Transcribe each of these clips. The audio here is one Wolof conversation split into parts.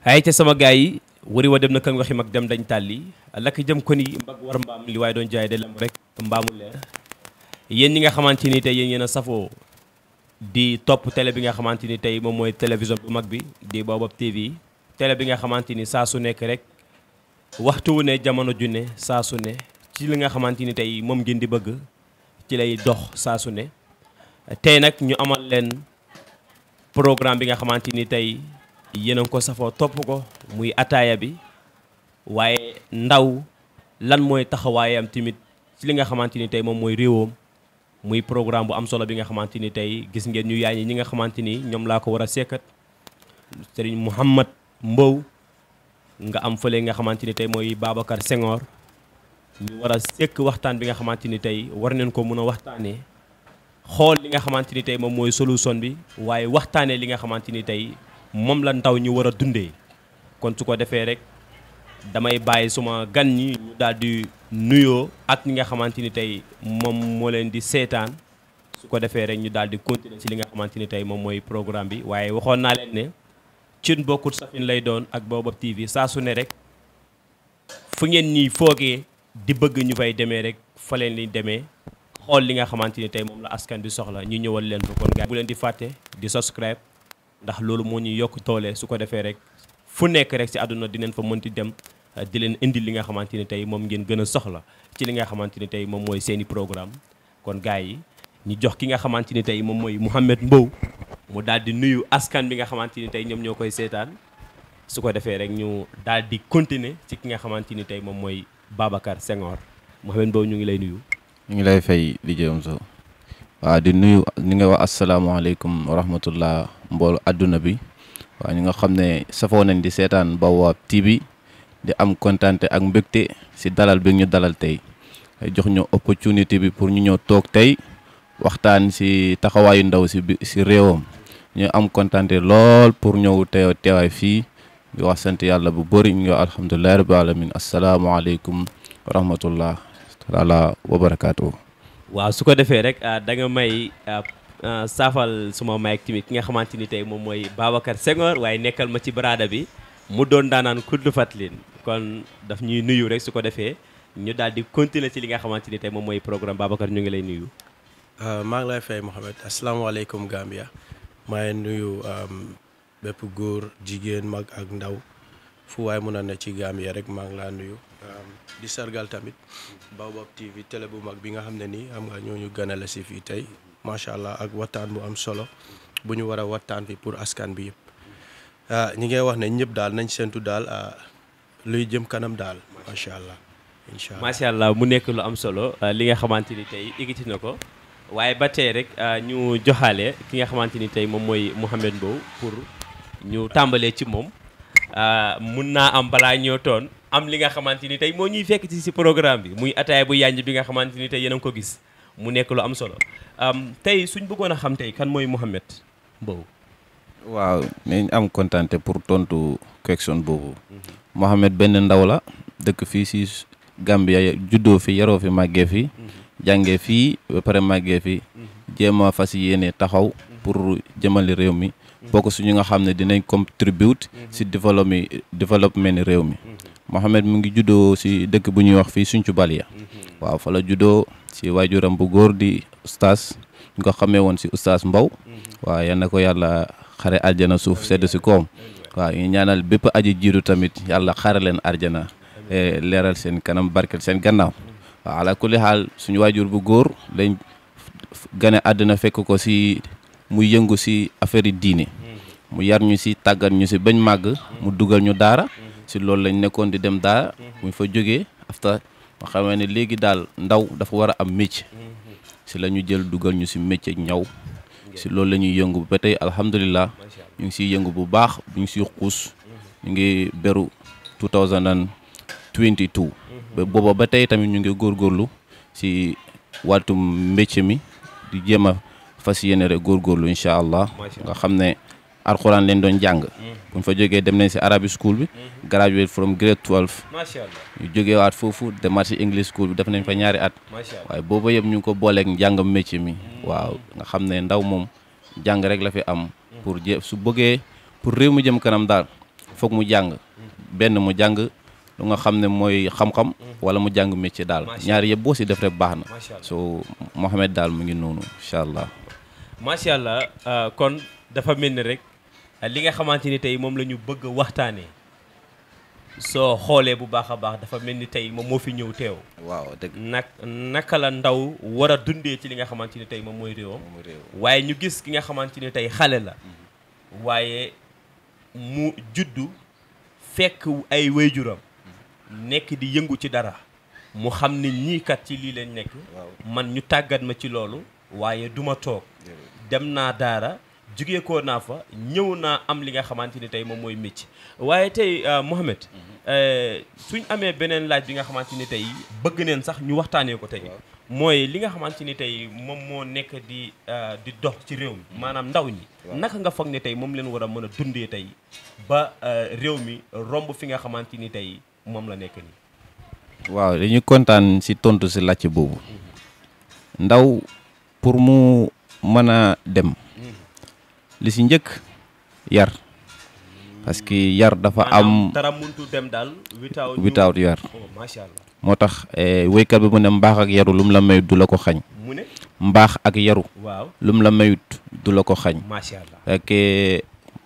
ay ca sama gaay yi wari wa dem na kan waxi mag dem dañ tàlli lakk jëm ko ni mbag war mbaam li waaye doon jaay de lamb rek mbaamu leer yéen ñi nga xamante ni tey yéen yéen a safoo di topp télé bi nga xamante ni tey moom mooy télévision bu mag bi di Baobab TV télé bi nga xamante ni saa su nekk rek waxtu wu ne jamono ju ne ci li nga xamante ni tey moom ngeen di bëgg ci lay dox saa ne tey nag ñu amal leen programme bi nga xamante ni tey yéen a ko safoo topp ko muy ataaya bi waaye ndaw lan mooy taxawaayam tamit ci li nga xamante ni tey moom mooy réewam muy programme bu am solo bi nga xamante ni tey gis ngeen ñu yaay ñi nga xamante ni ñoom laa ko war a sekkat Serigne Mouhamad Mbow nga am fële nga xamante ni tey mooy Babacar Senghor ñu war a sekk waxtaan bi nga xamante ni tey war nañ ko mën a waxtaanee xool li nga xamante ni tey moom mooy solution bi waaye waxtaanee li nga xamante ni tey moom la ndaw ñi war a dundee kon su ko defee rek damay bàyyi suma gan ñi ñu daal di nuyoo ak ñi nga xamante ni tey moom moo leen di seetaan su ko defee rek ñu daal di continuer ci li nga xamante ni tey moom mooy programme bi waaye waxoon naa leen ne cin bokkut safin lay doon ak Baobab TV saa su ne rek fu ngeen ñuy foogee di bëgg ñu fay demee rek fa leen li demee xool li nga xamante ni tey moom la askan bi soxla ñu ñëwal leen ko kon gaay bu leen di fàtte di subscribe ndax loolu moo ñuy yokk toole su ko defee rek fu nekk rek si àdduna dinañ fa mënti dem euh, di leen indi li nga xamante ni tey moom ngeen gën a soxla ci li nga xamante ni tey moom mooy seeni programme kon gars yi ñu jox ki nga xamante ni tey moom mooy Mouhamed Mbow mu daal di nuyu askan bi nga xamante ni tey ñoom ñoo koy seetaan su ko defee rek ñu daal di continuer ci ki nga xamante ni tey moom mooy Babacar Senghor Mouhamed Mbow ñu ngi lay nuyu ñu ngi lay fay liggéeyam so waaw di nuyu ni nga wax asalaamaaleykum wa mboolu àdduna bi waaw ñi nga xam ne safoo nañ di seetaan Baobab TV di am kontaante ak mbégte si dalal bi ñu dalal tey jox ñu opportunité bi pour ñu ñëw toog tey waxtaan si taxawaayu ndaw si bi si réewam ñu am kontaante lool pour ñëw teew teewaay fii di wax sant yàlla bu bëri ñu ngi wax alhamdulilahi rabbi alamin asalaamaaleykum wa rahmatullah taala wa barakaatu. su ko defee rek ah, da may ah, Ah, safal suma may ak tamit ki nga xamanteni tay mom moy babakar Senghor waaye nekkal ma ci brada bi mu don danan kuddu fatlin kon daf ñuy nuyu rek suko defé ñu daal di continuer ci li nga xamanteni tay mom moy programme babakar ñu ngi lay nuyu. Ah, ma ngi lay fay assalamu alaykum Gambia maa ngi nuyu bepp goor jigen mag ak ndaw fu way mu na ne ci Gambia rek ma ngi laa nuyu. di sargal tamit Baobab TV télé bu mag bi nga xam ni nii xam nga ñu ci fi tay macha allah ak waxtaan bu am solo bu ñu war a waxtaan bi pour askan bi yëpp ah, ñi ngay wax ne ñëpp daal nañ seentu daal ah, luy jëm kanam daal macha allah. incha allah mu nekk lu am solo ah, li nga xamante ni tey yëkkati na ko waaye ba tey rek ñu joxale ki nga xamante ni tey moom mooy Mouhamed Mbow pour ñu tàmbalee ci moom mun naa am balaa ñoo toon am li nga xamante ni tey moo ñuy fekk ci si programme bi muy ataaya bu yànj bi nga xamante ni tey yéen a ko gis. mu nekk lu am solo tey suñ bëggoon a xam tey kan mooy Mouhamed Mbow. waaw nañ am kontante pour tontu question boobu. Mouhamed benn ndaw la dëkk fii Gambia juddoo fi yaroo fi màggee fi. jàngee fii ba pare màggee fi. jéem a fas yéene taxaw pour jëmale réew mi. bokk suñu nga dinañ contribute si développement développement réew mi. Mouhamed mu ngi juddoo si dëkk bu ñuy wax fii Sinthiou Balia. waaw fa la si wajuram bu gor di oustaz ñu ko xamee woon si oustaz mbaw mhm. wa yal na ko yàlla ya xare aljana suuf sedd ci kom wa ñu ñaanal bépp aji kare tamit yalla ya xare aljana e eh, leral seen kanam barkel sen gannaaw wa ala kulli hal suñu wajur bu gor lañ gane aduna fekk ko si muy yëngu ci affaire diine mhm. mu yar ñu si tagal ñu si bañ mag mhm. mu duggal ñu daara ci lool lañ nekkon di dem daara fa joggé afta ma xamee ne léegi daal ndaw dafa war a am métier si la ñu jël dugal ñu si métier ñaw si loolu la ñuy yëngu ba tey alhamdulilah ñu ngi siy yëngu bu baax ñu si siy xuus ñu ngi beru 2022 ba booba ba tey tamit ñu ngi góor góorlu si wàllum métier mi di jéem fas yeneen rek góorgóorlu incha allah nga xam ne alxuraan leen doon jàng hmm. bu ñu fa dem nañ si arabic school bi hmm. graduate from grade 12 macha allah ñu jógee waat foofu demaat si english school bi def nañ fa ñaari at waaye booba yëpp ñu ngi ko booleeg njàngam métier mi hmm. waaw nga xam ne ndaw moom jàng rek la fi am pour jë su bëggee pour réew mu jëm kanam daal foog mu jàng benn mu jàng lu nga xam ne mooy xam-xam wala mu jàng métier daal ñaari yëpp boo si def rek baax na so Mohamed daal mu ngi noonu incha allah macha allah ah, dafa mel ni rek li nga xamante ni tey moom la ñu bëgg a waxtaanee soo xoolee bu baax a baax dafa mel ni tey moom moo fi ñëw teew. waaw dëgg nag naka la ndaw war a dundee ci li nga xamante ni tey moom mooy réewam. waaye ñu gis ki nga xamante ni tey xale la. Mm-hmm. waaye mu juddu fekk ay wayjuram mm-hmm. nekk di yëngu ci dara. mu xam ni ñiikat kat ci lii lañ nekk. man ñu tàggat ma ci loolu. waaye duma toog. dem naa daara. jugee naa fa ñëw naa am li nga xamante ni tey moom mooy métier waaye tey euh, Mouhamed mhm. euh, suñ amee beneen laaj bi nga xamante ni tey bëgg neen sax ñu waxtaanee ko tey mooy li nga xamante ni tey moom moo nekk di euh, di dox ci réew mi mhm. maanaam ndaw ñi naka nga foog ne tey moom leen war a mën a dundee tey ba réew mi romb fi nga xamante ni tey moom la nekk nii waaw dañu kontaan si tontu si laaj boobu mhm. ndaw pour mu mën a dem li si ñëk yar parce que yar dafa am dara muntu dem dal without yar oh, moo tax eh, woykat bi mu ne mbax ak yaru lum la mayut du la ko ne mbax ak yaru lu lum la mayut du la ko xañ ak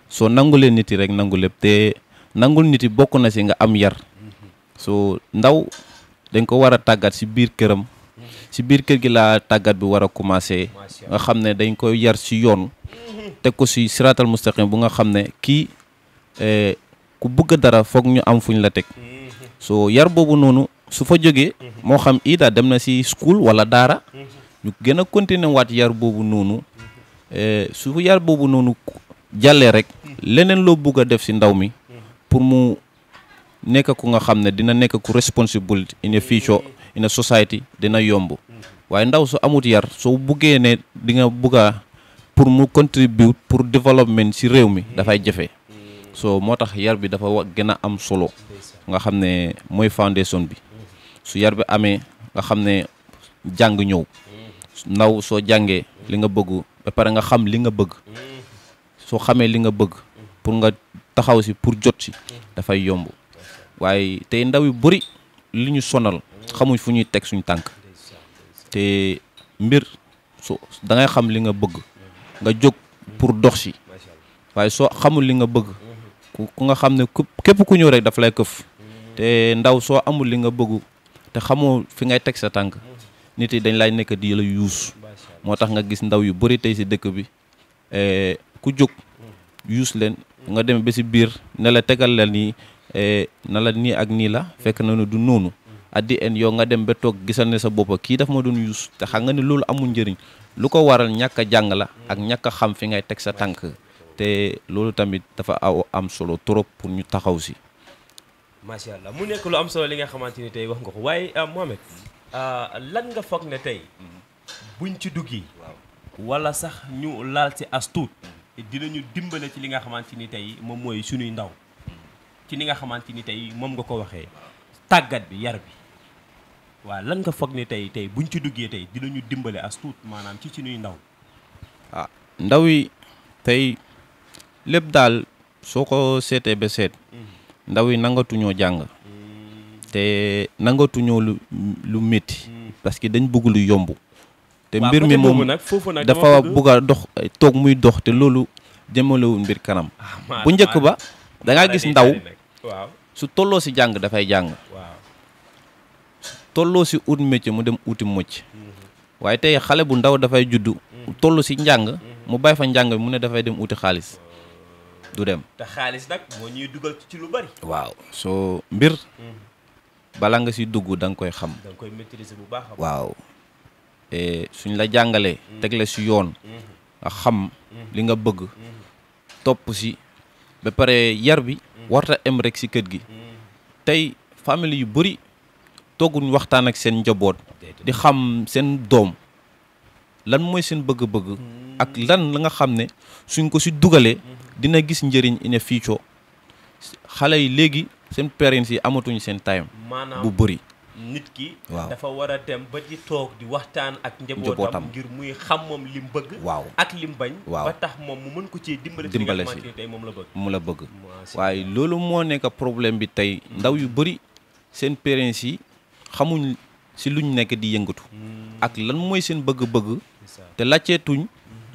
so nangulee nit rek nangu te nangul nit bokku na ci nga am yar mhm. So ndaw dañ ko wara tagat ci bir kërëm ci biir kër gi la tàggat bi war a commencé nga xam ne dañ koy yar si yoon teg ko si siraatal mustaqim bu nga xam ne kii eh, ku bëgg dara foog ñu am fuñ la teg mhm. soo yar boobu noonu su fa jógee mhm. moo xam Ida dem na si school wala daara mhm. ñu gën a continuer waat yar boobu noonu eh, su yar boobu noonu jàllee rek leneen loo bugg a def si ndaw mi pour mu nekk ku nga xam ne dina nekk ku responsible in the future in a dina yomb waaye ndaw su amut yar soo buggee ne di nga bugga pour mu contribute pour développement si réew mi dafay jafe so moo tax yar bi dafa gën a am solo nga xam ne mooy foundation bi su yar bi amee nga xam ne jàng ñëw ndaw soo jàngee li nga bëgg ba pare nga xam li nga bëgg soo xamee li nga bëgg pour nga taxaw si pour jot si dafay yomb waaye tey ndaw yu bëri li ñu sonal xamuñ fu ñuy teg suñu tànk te mbir su da ngay xam li nga bëgg nga jóg pour dox si waaye soo xamul li nga bëgg ku nga xam ne képp ku ñëw rek daf lay këf te ndaw soo amul li nga bëggu te xamoo fi ngay teg sa tànk nit yi dañ lay nekk di la yuus moo tax nga gis ndaw yu bëri tey si dëkk bi eh, ku jóg yuus leen nga dem ba si biir ne la tegal la nii eh, na la nii ak nii la fekk na ne du noonu Adi en yo nga dem be tok gisal ne sa bopp ki daf mo doon yus te xanga ne loolu amul njëriñ lu ko waral ñaka jang la ak ñaka xam fi ngay tek sa tank te lolu tamit dafa aw am solo trop pour ñu taxaw si macha allah mu nekk lu am solo li nga xamanteni tay wax nga ko waaye ah, mohammed ah, lan nga fokk ne tay buñ ci duggi wala sax ñu laal ci astout tuut dinañu dimbalé ci li nga xamanteni tay mom moy suñuy ndaw ci ni nga xamanteni tay mom nga ko waxé tagat bi yar bi waaw lan nga foog ne tey tey buñ ci duggee tey dinañu dimbale as tuut maanaam ci ci nuy ndaw. ah yi tey lépp daal soo ko seetee ba seet mm-hmm. ndaw yi nangatuñoo jàng mm-hmm. te nangatuñoo lu lu métti mm-hmm. parce que dañ bëgg lu yomb. te mbir mi moom dafa bëgg a dox toog muy dox te loolu jëmalewul mbir kanam. Ah, bu njëkk ba da gis ndaw su tolloo si jàng dafay jàng. tolloo si ut métier mu dem uti mucc waye tay xale bu ndaw fay juddu toll si njang mu bay fa njang mu ne fay dem outi khalis du dem. ta khalis nak mo ñuy duggal ci lu bari. waaw so mbir bala nga si duggu dang koy xam. dang koy maîtriser bu baax. waaw e, suñ la jangalé mm. tek la ci yoon. Mm. xam mm. li nga bëgg. top ci ba paré yar bi. warta em rek ci kër gi. tay family yu bari Togun waxtaan ak seen njaboot di xam seen doom lan mooy seen bëgg-bëgg ak lan la nga xam ne suñ ko si dugalee dina gis njëriñ ine fiicoo xale yi léegi seen parents yi amatuñ seen time bu bëri nit ki wow. dafa war a dem ba ci toog di waxtaan ak njabootam ngir muy xam moom lim bëgg wow. ak lim bañ wow. ba tax moom mu mën ko ci dimbale dimbale si tey moom la bëgg mu la bëgg waaye loolu moo nekk problème bi tey ndaw yu bëri seen parents yi xamuñ si luñ nekk di yëngatu. Hmm. ak lan mooy seen bëgg-bëgg. te laajteetuñ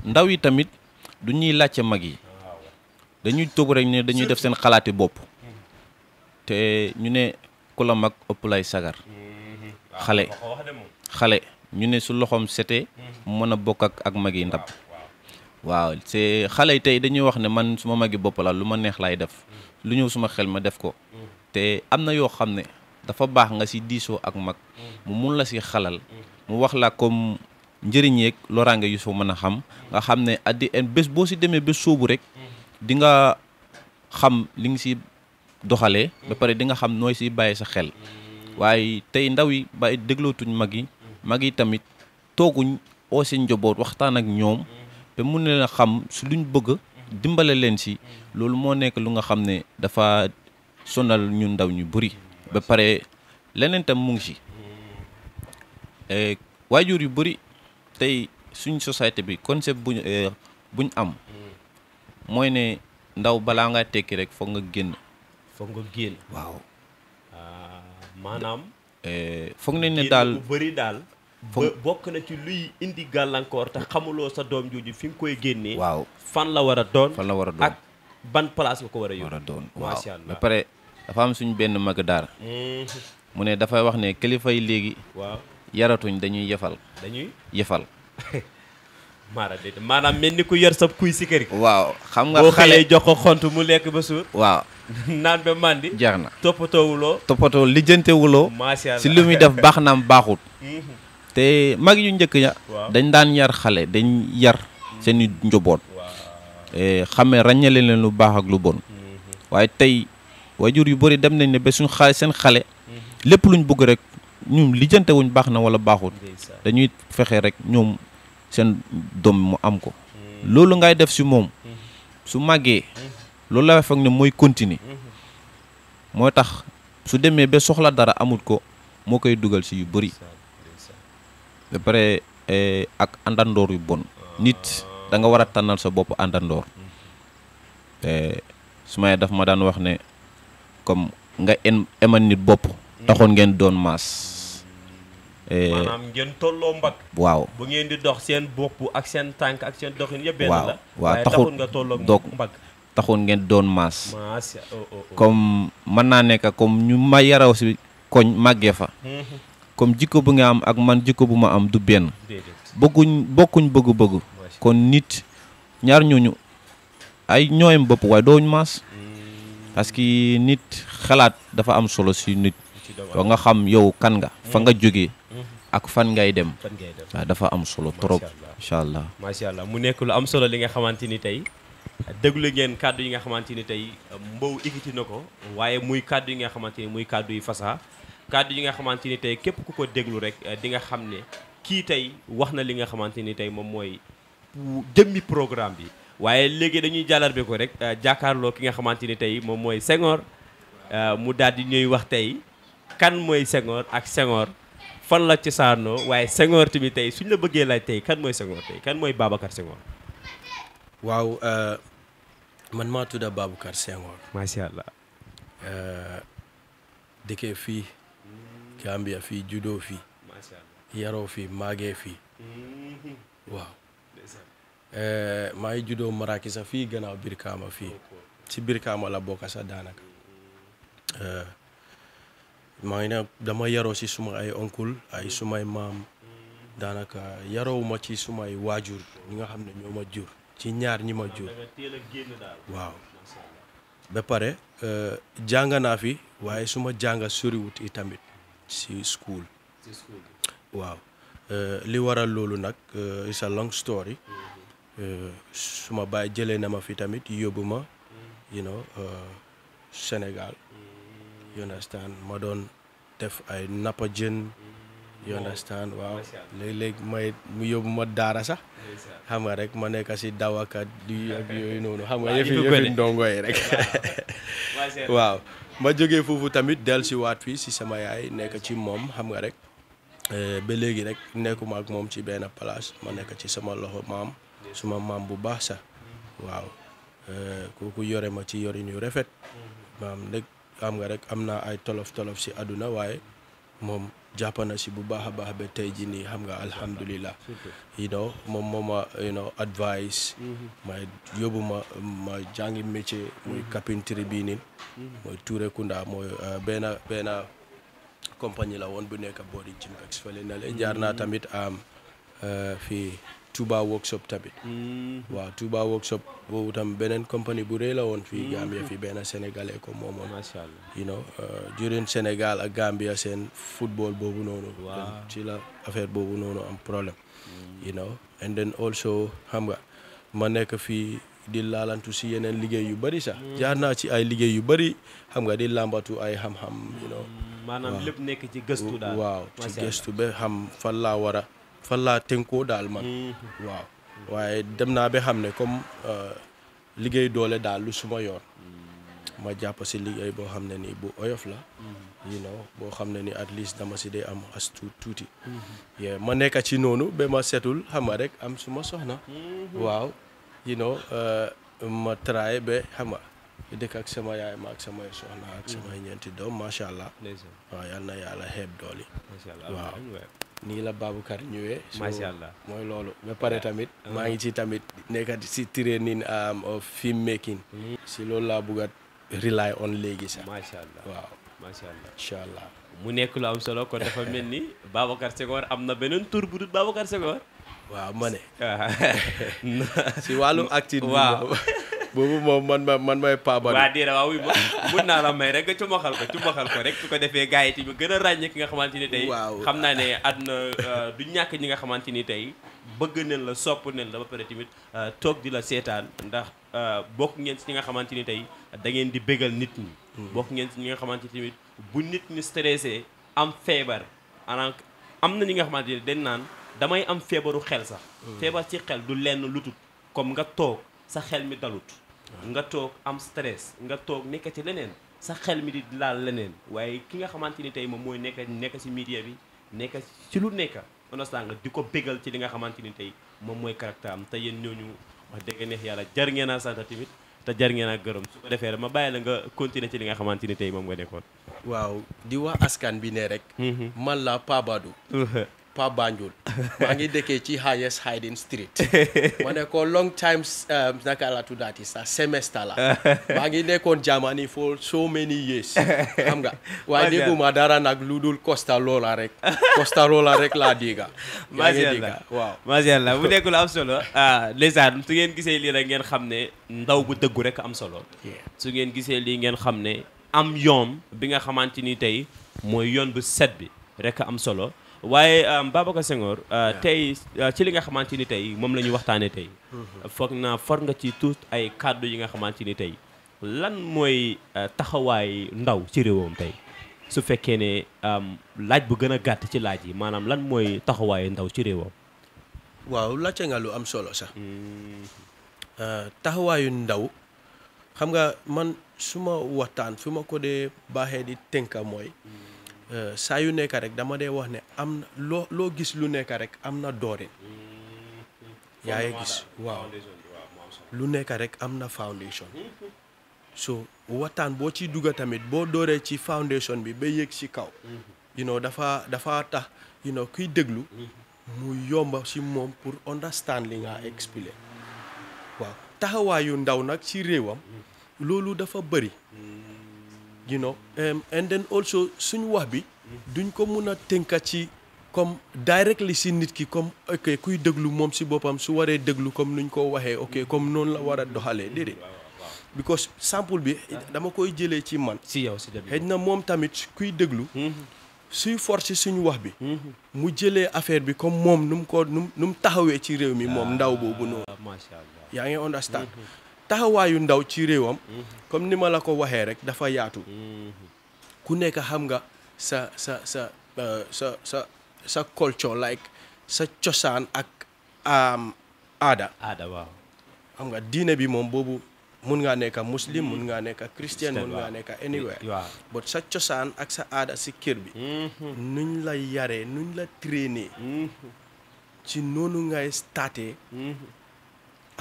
ndaw yi tamit du ñuy laajte mag yi. dañuy tëb rek ne dañuy def seen xalaati bopp. ñu ne ku la mag ëpp lay sagar. Hmm. xale xale ñu ne su loxoom setee hmm. mën a bokk ak ak mag yi ndab. waaw c'est xale yi tey dañuy wax ne man suma magi bopp la lu ma neex lay def lu ñëw suma xel ma def ko te am na yoo xam ne dafa baax nga ci diisoo ak mag mu mun la si xalal mu wax la comme njëriñ yeeg loraange yu soo mën a xam nga xam ne addi en bés boo si demee bés soobu rek di nga xam li nga si doxalee ba di nga xam nooy si bàyyi sa xel waaye tey ndaw yi bàyyi déglootuñ mag yi mag yi tamit tooguñ oo seen njaboot waxtaan ak ñoom te mun na xam su luñ bëgg dimbale leen si loolu moo nekk lu nga xam ne dafa sonal ñu ndaw ñu bëri ba pare leneen tam mu ngi ci eh, waajur yu bëri tey suñ société bi concept buñ eh, buñ am mooy ne ndaw balaa ngaa tekki rek foog nga génn. foog nga génn. waaw. Ah, maanaam. Eh, foog nañ ne daal bëri daal. bokk na ci luy indi gàllankoor te xamuloo sa doom jooju fi nga koy génne waaw fan la war a doon. war a doon ak ban place nga ko war a yóbbu. a doon waaw dafa am suñ benn mag daara mm-hmm. mu ne dafay wax ne kilifa yi léegi waaw yaratuñ dañuy yefal dañuy yefal maanaam mel ni ku yor sab kuy si waaw xam nga xale boo jox ko xont mu lekk ba suur waaw naan ba màndi jeex na toppatoowuloo toppatoo lijjantewuloo si lu muy def baax naam baaxut mm-hmm. te mag yu njëkk ya dañ daan yar xale dañ yar mm-hmm. seeni njoboot eh, xamee ràññale leen lu baax ak lu bon waaye tey waajur yu bari dem nañ ne ba suñ xale seen xale mm-hmm. lépp luñ bugg rek ñu lijjantewuñ baax na wala baaxul dañuy fexe rek ñoom seen doom mu am ko mm-hmm. loolu ngay def si moom mm-hmm. su màggee loolu la fekk ne mooy continuer moo tax su demee ba soxla dara amul ko moo koy dugal si yu bëri ba pare eh, ak àndandoor yu bon nit ah. da nga war a tànnal sa bopp àndandoor eh, su may daf ma daan wax ne comme nga emal nit bop hmm. taxone ngeen mas maas manam hmm. eh, ngeen tolo mbak waaw bu ngeen di dox sen bop ak sen tank ak sen doxine ye ben la waaw taxone nga tolo mbak taxone ngeen mas mas comme oh, oh, oh. man na nek comme ñu ma yaraw ci koñ magge fa comme hmm. jikko bu nga am ak man jikko bu ma am du ben bëgguñ bokkuñ bëgg-bëgg kon nit ñaar ñooñu ay ñooyam bopp waaye dooñ mas parce que nit xalat dafa am solo si nit ba nga xam yow kan nga fa nga jógee ak fan ngay dem ah, dafa am solo trop inshallah allah macha allah mu nek lu am solo li nga xamanteni tay deglu ngeen cadeau yi nga xamanteni tay mbow ikiti nako waye muy cadeau yi nga xamanteni muy cadeau yi fasa cadeau yi nga xamanteni tay kep ku ko deglu rek eh, di nga xamne ki tay waxna li nga xamanteni tay mom moy demi programme bi waaye léegi dañuy jàllarbe ko rek euh, jàkkaarloo ki nga xamante ni tey moom mooy Senghor euh, mu daldi ñuy wax tey kan mooy Senghor ak Senghor fan la cosaanoo waaye Senghor tamit tey suñ la bëggee laaj tey kan mooy Senghor tey kan mooy Babacar Senghor. waaw euh, man maa tudd Babacar Senghor. macha allah. dëkkee fii Gambia fii juddoo fi macha allah yaroo fii màggee fii mm-hmm. waaw. Eh, maa ngi juddoo Maraki sax fii gannaaw Birkaama fii ci Birkaama la bokk sax daanaka eh, maa ngi ne dama yaroo si suma ay oncle ay sumay maam daanaka yarowuma ci sumay waajur ñi nga xam ne ñoo ma jur ci ñaar ñi ma jur waaw ba pare eh, jàng naa fi waaye suma jàng soriwut i tamit ci waaw li waral loolu nag it's a long story mm. Euh, suma bay jele na ma fi tamit yobuma you know euh, Senegal mm. you understand ma don def ay napa jeun mm. you understand wow leg leg may mu yobuma dara sax xam nga rek ma nek ci dawaka di ak yoy nonu xam nga yefi yefi ndongo rek wow ma joge fofu tamit del ci wat fi ci sama yaay nek ci mom xam nga rek euh, ba legui rek nekuma ak mom ci ben place ma nek ci sama loxo mam suma maam bu baax sax waaw eh, kooku yore ma ci yorin yu rafet maam nag am nga rek am naa ay tolof tolof si àdduna waaye moom jàpp na si bu baax a baax ba tey jii nii xam nga alhamdulilah you know moom moo ma you mm-hmm. ma jàngi métier muy mm-hmm. carpentry bii nii mm-hmm. mooy Touré Kunda mooy eh, benn benn compagnie la woon bu nekk boori Jimbex fële na le jaar naa tamit am Euh, fii Touba workshop tamit. Mm-hmm. waaw Touba workshop boobu tam beneen compagnie bu rëy la woon. fii mm-hmm. Gambia fii benn sénégalais ko moomoon. macha allah you know during euh, Sénégal ak Gambia seen football boobu noonu. waaw ci la affaire boobu noonu am problème. Mm-hmm. you know and then xam nga ma nekk fii. di laalantu si yeneen liggéey yu bëri sax. jaar naa ci ay liggéey yu bëri xam nga di làmbatu ay xam-xam. maanaam lépp nekk ci gëstu daal. waaw ci gëstu ba xam fan laa war fan laa tënkoo daal man mm-hmm. waaw waaye dem naa ba xam ne comme euh, liggéey doole daal lu suma yoon mm-hmm. ma jàpp si liggéey boo xam ne nii bu oyof la mm-hmm. you know boo xam ne ni at least dama si dee am as tuuti yee ma nekka ci noonu ba ma setul xam rek am suma soxna waaw you know euh, ma try ba xam nga dëkk ak sama yaay ma ak samay soxna ak samay ñeenti doom macha allah waaw yal na yàlla xeeb dooli waaw nii la Babacar ñëwee. macha allah mooy loolu. ba pare tamit uh-huh. maa ngi ci tamit nekkat si training um, of film making. Mm-hmm. si loolu laa bëgg a rely on léegi sax. allah waaw macha allah incha allah. mu nekk lu am solo kon dafa mel ni Babacar Senghor am na beneen tur bu dul Babacar Senghor. waaw ma ne. si wàllu activité waaw. boobu moom man ma man may Paa Bari. waa Dira waaw mun naa la may rek nga cumaxal ko cumaxal ko rek su ko defee gars yi tamit gën a ràññee ki nga xamante ni tey. waaw xam naa ne àdduna euh, du ñàkk ñi nga xamante ni tey bëgg nañ la sopp nañ la ba pare tamit euh, toog di la seetaan ndax euh, bokk ngeen si ñi nga xamante ni tey da di bégal nit ñi. Hmm. bokk ngeen si ñi nga xamante ni tamit bu nit ñi stressé am feebar ana am na ñi nga xamante ni dañ naan damay am feebaru xel sax. Hmm. feebar ci xel du lenn lutut comme nga toog sa xel mi dalut. nga toog am stress nga toog nekk ci leneen sa xel mi di laal leneen waaye ki nga xamante ni tey moom mooy nekk nekk si media bi nekk si lu nekk understand nga di ko bégal ci li nga xamante ni tey moom mooy caractère am te yéen ñooñu wax dëgg neex yàlla jar ngeen a sant tamit te jar ngeen a gërëm su ko defee ma bàyyi la nga continuer ci li nga xamante ni tey moom nga nekkoon. waaw di wax askan bi ne rek. Mhm. man la Pabadou. pa Banjul maa ngi dëkkee ci highest hiding street ma ne ko long time um, naka la tuddaati sa semester la maa ngi nekkoon Germany for so many years xam nga waaye dégguma dara nag lu dul Costa Lola rek Costa rek laa dégga macha allah waaw mu allah bu nekkul am solo ah, ndeysaan su ngeen gisee lii rek ngeen xam ne ndaw bu dëggu rek am solo su ngeen gisee lii ngeen xam ne am yoon bi nga xamante ni tey mooy yoon bu set bi rek am solo waaye euh, Babacar Senghor euh, tey euh, ci li nga xamante ni tey moom lañuy ñu waxtaanee tey mm-hmm. foog naa for nga ci tuut ay kàddu yi nga xamante ni tey lan mooy taxawaay ndaw ci réewam tey su fekkee ne laaj bu gën a gàtt ci laaj yi maanaam lan mooy taxawaayu ndaw ci réewam waaw laajte nga lu am solo sax mm-hmm. taxawaayu ndaw xam nga man su ma waxtaan su ma ko dee baaxee di tënka mooy mm-hmm. Euh, saa yu nekk rek dama dee wax ne am na loo loo gis lu nekk rek am na doorin hmm. yaa gis waaw lu nekk rek am na foundation so waxtaan boo ci dugga tamit boo dooree ci foundation bi ba yéeg ci kaw dina hmm. dafa dafa tax you kiy kuy déglu hmm. mu yomba ci moom pour understand li nga expliqué waaw taxawaayu ndaw nag ci réewam loolu dafa bari you know um, then also suñu wax bi duñ ko mun a tënka ci comme directly si nit ki comme ok kuy déglu moom si boppam su waree déglu comme nuñ ko waxee ok comme noonu la war a doxalee déedéet because sample bi ah. dama koy jëlee ci man si yow si xëy na moom tamit kuy déglu mm-hmm. suy force suñu wax bi mm-hmm. mu jëlee affaire bi comme moom nu mu ko nu mu taxawee ci réew mi ah, moom ndaw boobu noonu yaa ngi understand mm-hmm. taxawayu ndaw ci rewam mhm. comme ni la ko waxe rek dafa yaatu mhm. ku nek xam nga sa sa sa euh, sa sa sa culture like sa ciosan ak aada ada. waaw xam nga diine bi mom bobu mun nga nek muslim mun nga nek christian mun nga nek anywhere but sa ciosan ak sa ada si kër bi mhm. nuñ la yare nuñ la trainer ci nonu ngay staté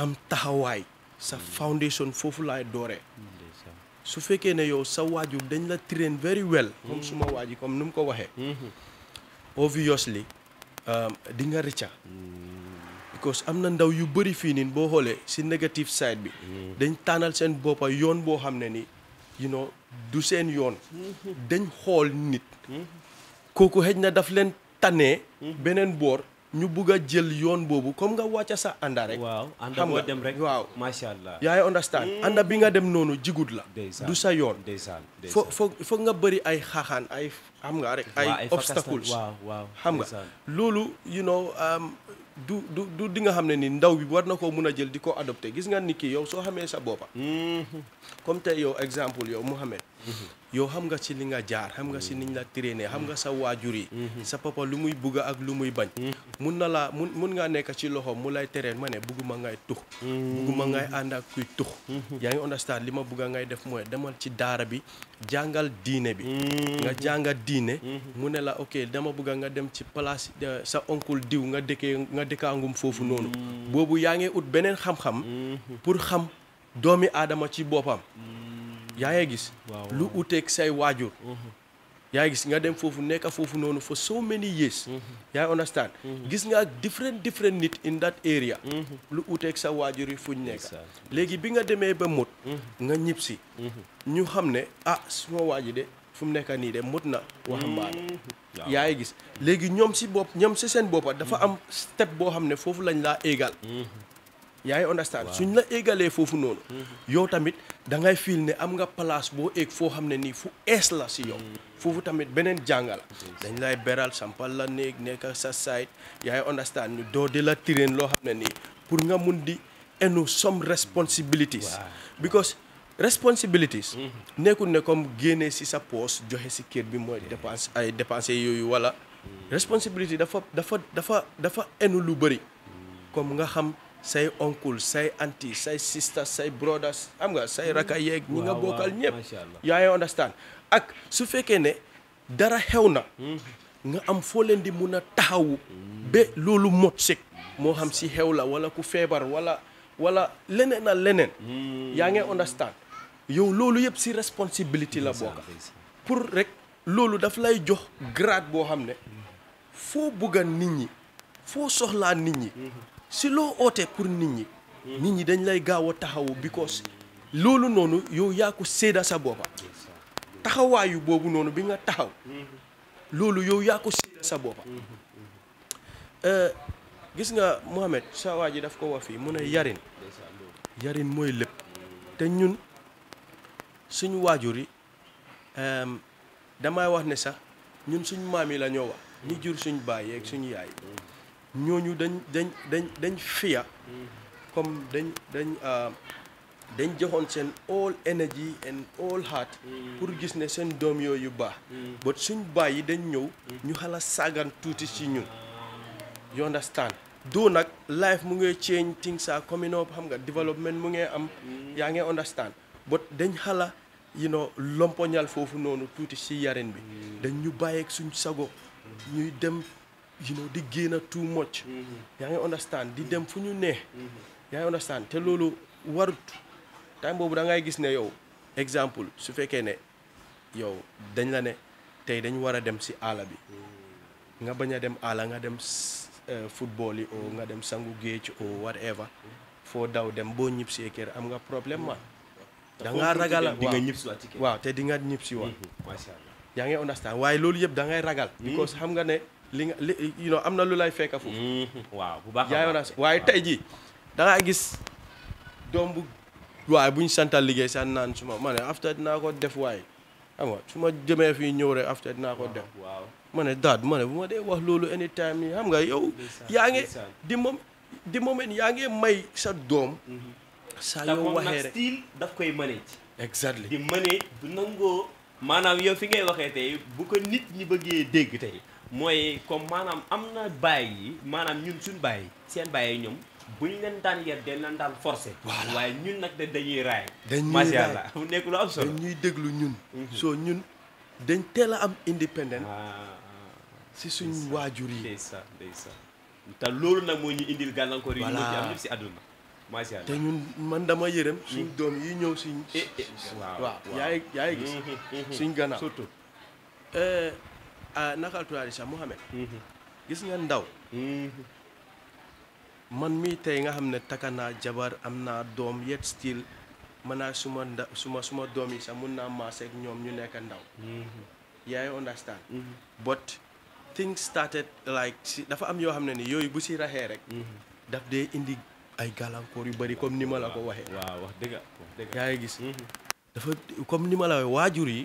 am taxaway sa foundation foofu laay dooree su fekkee ne yow sa waajur dañ la train very well comme suma mm. waaji comme ni mu ko waxee mm-hmm. obviously um, di rëcca mm. because am na ndaw yu bëri fii nii boo xoolee si négative side bi mm-hmm. dañ tànnal seen boppa yoon boo xam ne ni you du seen yoon mm-hmm. dañ xool nit kooku xëj na daf leen tànnee beneen boor ñu bugg a jël yoon boobu comme nga wàcca sa ànda rek. waaw ànda dem rek waaw macha allah. yaa ngi understand mm. ànda bi nga dem noonu jigut la. du sa yoon. ndeysaan fo foo foog nga bëri ay xaaxaan ay xam nga rek. ay obstacles waaw waaw xam nga loolu you know um, du du du di nga xam ne ni ndaw bi war na ko mun a jël di ko adopté gis nga nit ki yow soo xamee sa boppa mm-hmm. comme tey yow exemple yow Mouhamed. Mm-hmm. yow xam nga si li nga jaar xam nga si niñ la traîné xam nga sa waajur yi mm-hmm. sa papa lu muy bugg ak lu muy bañ mm-hmm. mun na laa mun mun ngaa nekk ci loxo mu lay teree ma ne ma ngay tux mm-hmm. ma ngay ànd ak kuy tux yaa ngi understand li ma bugga ngay def mooy demal ci daara bi jàngal diine bi nga jàngal diine mu ne la ok dama bugga nga dem ci place euh, sa onkul diw nga dëkkee nga dëkkaangum foofu noonu boobu yaa ngi ut beneen xam-xam pour xam doomi aadama ci boppam yaa ngi gis. lu uteeg say waajur. Mhm. yaa ngi gis nga dem foofu nekk foofu noonu fo so many years. Mhm. yaa ngi understand. Mhm. gis nga ak different different nit in that area. lu uteeg sa waajur yi ñu nekk. léegi bi nga demee ba mut nga ñib si. ñu xam ne ah suma waaji de fu mu nekk nii de mot na. waxambaane yaa ngi gis léegi ñoom si bopp ñoom si seen boppa dafa am step boo xam ne foofu lañ laa égal. yaa ngi understand suñ la égalee foofu noonu yow tamit dangay fiil ne am nga place boo éeg foo xam ne nii fu ees la si yow mm. foofu tamit beneen jànga la dañ lay beral sampal la néeg nekk sa site yaay ngi understand ñu doo di la tireen loo xam ne nii pour nga mun di enu some responsibilities because responsibilities mm-hmm. nekkul ne comme génne si sa poos joxe si kër bi mooy dépense ay dépense yooyu wala mm. responsibility dafa dafa dafa dafa enu lu bëri mm. comme nga xam say oncle say auntie say sister say brothers am nga say raka yeeg ñi nga bokkal ñëpp yaa understand ak su fekkee ne dara xew na nga am foo leen di mun a taxawu ba loolu mot sëg moo xam si xew la wala ku feebar wala wala leneen a leneen hmm. yaa ngi understand yow loolu yëpp si responsibility la bokk pour rek loolu daf lay jox grade boo xam ne foo bugga nit ñi foo soxlaa nit ñi si loo ootee pour nit ñi. nit ñi dañ lay gaaw a taxawu because loolu noonu yow yaa ko séeda sa boppa taxawaayu boobu noonu bi nga taxaw. loolu yow yaa ko séeda sa boppa eh, gis nga Mohamed sa waa ji daf ko wax fii mu a yarin. yarin mooy lépp. te ñun suñu waajur yi damay wax ne sax ñun suñu maam yi la ñoo wax. ñi jur suñu baay yeeg suñu yaay. ñooñu dañ dañ dañ dañ fiya mm-hmm. comme dañ dañ euh, dañ joxoon seen all energy and all heart mm-hmm. pour gis ne seen doom yooyu baax mm-hmm. but suñ bàyyi dañ ñëw ñu xala saagan tuuti ci ñun ah. you understand doo nag life mu ngi change things are coming up xam nga development mu ngi am yaa ngi understand but dañ xala you know lompoñal foofu noonu tuuti ci yarin bi dañ ñu bàyyeeg suñ sago ñuy dem you know di gena too much mm-hmm. yaa ngi understand di mm-hmm. dem fu ñu neex mm-hmm. yaa ngi understand te lolu warut time bobu da ngay gis ne yow exemple su fekkee ne yow dañ la ne tay dañ wara dem si ala bi nga baña dem ala nga dem eh, football yi o nga dem sangu géej o whatever fo daw dem bo ñib si équerre am nga problème ma da nga ragal waaw te di nga ñib si waa yaa ngi understand waye lolu yeb da ngay ragal because xam nga ne li nga li you know am na lu lay fekk foofu. Mm-hmm. waaw bu baax yaayoo waaye tey jii da gis doom bu waaye bu ñu santal liggéey sax naan su ma after dinaa ko def waaye xam nga su ma jëmee fii ñëw rek after dinaa ko def. waaw ma ne daad ma ne bu ma dee wax loolu anytime yi xam nga yow. yaa ngi di moom di moment yaa ngi may sa doom. Mm-hmm. saa yoo waxee rek daf koy manage. exactly di manage bu nangoo maanaam yow fi ngay waxee tey bu ko nit ñi bëggee dégg tey. mooy comme maanaam am na bàyyi maanaam ñun suñu bàyyi seen bàyyi ñoom bu ñu leen daan yar dañ leen daan forcé waaye ñun nag dañuy raay macha allah mu nekk lu am déglu ñun mhm. soo ñun dañ teel a am indépendant ah, si suñ waajur yi ndeysaan ndeysaan te loolu nag moo ñu indil gàllankoor yi ñu mujj am ñëpp si àdduna macha allah te ñun man dama yërëm suñ mhm. doom yi ñëw eh, eh, suñ waaw yaay yaay gis mhm, suñ gannaaw Nakal ah, naka altuwaari Cheikh Mouhamed mhm. gis nga ndaw mhm. man mi tay nga xamne takana jabar amna dom yet still mana suma suma suma doom yi sax mun naa maase ak ñu nekk ndaw mhm. yaay understand but things started like si dafa am yo xamne ni yoy bu si raxee rek daf de indi ay galankor yu bari comme ni ma la ko waxe waaw wax deug deug yaa gis dafa comme ni ma la waxee yi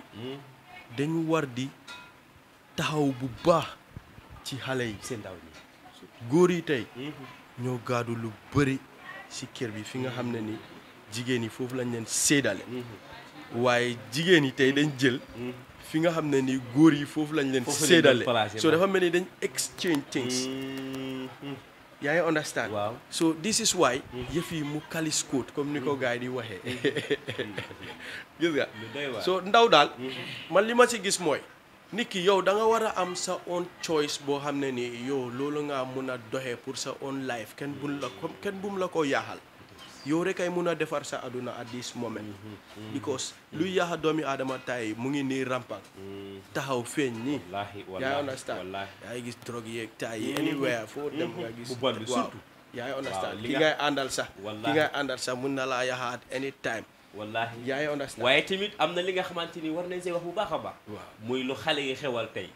dañu war di taxaw bu baax ci xale yi seen ndaw góor yi tey ñoo gaadu lu bari si kër bi fi nga xam ne ni jigéen yi foofu lañ leen séedale waaye jigéen yi tey dañ jël fi nga xam ne ni góor yi foofu lañ leen séedale so dafa mel ni dañ exchange things mm-hmm. yaa ngi understand so this is why mm-hmm. yëf yi mu kalis comme ni ko mm-hmm. gars yi di waxee so ndaw daal man li ma ci gis mooy nit ki yow da war a am sa own choice boo xam ne nii yow loolu nga mun a doxe pour sa on life kenn bul la ko kenn bum la ko yaxal yow rek ay mun a defar sa àdduna at this moment mm-hmm. because mm-hmm. luy yaaxa doomi aadama tay mu ngi nii rampal mm-hmm. taxaw feeñ nii yaay understand yaay gis drogue yeeg tay yi anywhere foo dem nga gis waaw yaay understand ki ngay àndal sax ki ngay àndal sax mun na laa yaaxa at any time wallahi yaa understand waaye tamit am na li nga xamante ni war nañ see wax bu baax a baax. muy lu xale yi xewal tey.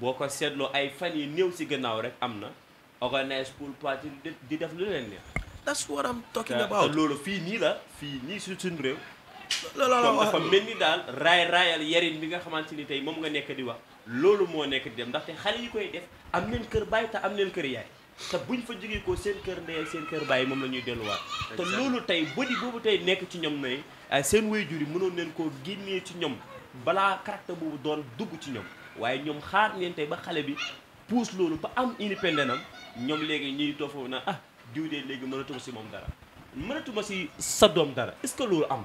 boo ko seetloo ay fan yi néew si gannaaw rek am na. organise pool party di def lu leen neex. that's what I'm talking about. loolu fii nii la fii nii su suñu réew. loolu la wax dafa mel ni daal raay raayal yarin bi nga xamante ni tey moom nga nekk di wax. loolu moo nekk di dem ndaxte xale yi koy def am neen kër baay te am neen kër yaay. te buñ fa jógee ko seen kër ndey ak seen kër bàyyi moom la ñuy delluwaat te loolu tey bëri boobu tey nekk ci ñoom ne euh, seen waajur yi mënoon leen koo génnee ci ñoom balaa caractère boobu doon dugg ci ñoom waaye ñoom xaar neen tey ba xale bi puus loolu ba am indépendance am ñoom léegi ñuy toog foofu na ah diw dee léegi mënatuma si moom dara mënatuma ci sa doom dara est-ce que loolu am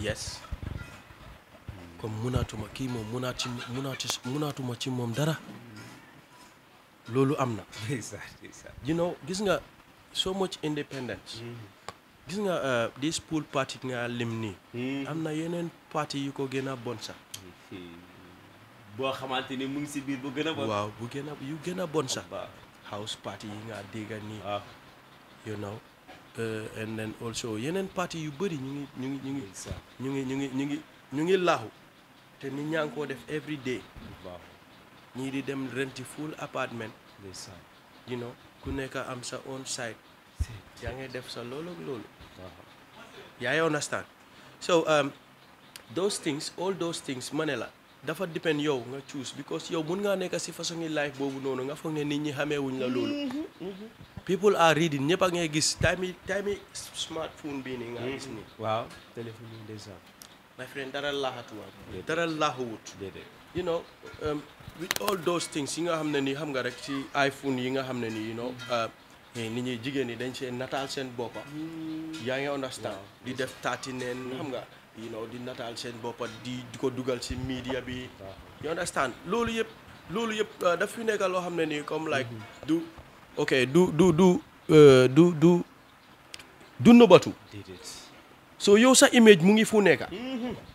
yes comme munaatuma kii moom munaat ci munaat ci munaatuma ci moom dara lolu amna, you know gis nga so much independence. Hmm. gis nga uh, this pool party nga limni, hmm. amna yenen party yeneen parti yu ko gëna bon sa bo xamanteni mu ngi ci biir bu gëna bon. waaw bu gëna yu gëna bon sa house party yi nga ni, nii. Ah. you know uh, and then also yenen parti yu bëri ñu ngi ñu ngi ñu ngi. ñu ngi ñu ngi ñu ngi ñu ngi te nit ñang ko def every day. ñi di dem renti full apartment. ndeysaan you ku nekk am sa own side yaa ngay def sa loolu ak loolu yaa ngi understand so um, those things all those things ma ne la dafa depend yow nga choose because yow mun ngaa nekk si façon yi life boobu noonu nga foog ne nit ñi xamee wuñ la loolu. Mm-hmm, mm-hmm. people are reading ñëpp a ngay gis time yi time yi smartphone bii nii nga gis mm-hmm. nii. waaw téléphone yi ndeysaan. my friend dara laaxatuwaat. dara you know um, with all those things yi nga xam ne nii xam nga rek ci iPhone yi nga xam ne nii you uh, nit ñi jigéen ñi dañ see nataal seen boppa mm. yaa ngi understand di def taati neen mm. xam nga you di nataal seen boppa di di ko dugal ci media bi you understand loolu yëpp loolu yëpp uh, daf fi nekk loo xam ne nii comme like mm-hmm. du du du uh, du du du du so yow sa image mu ngi fu nekka mm-hmm.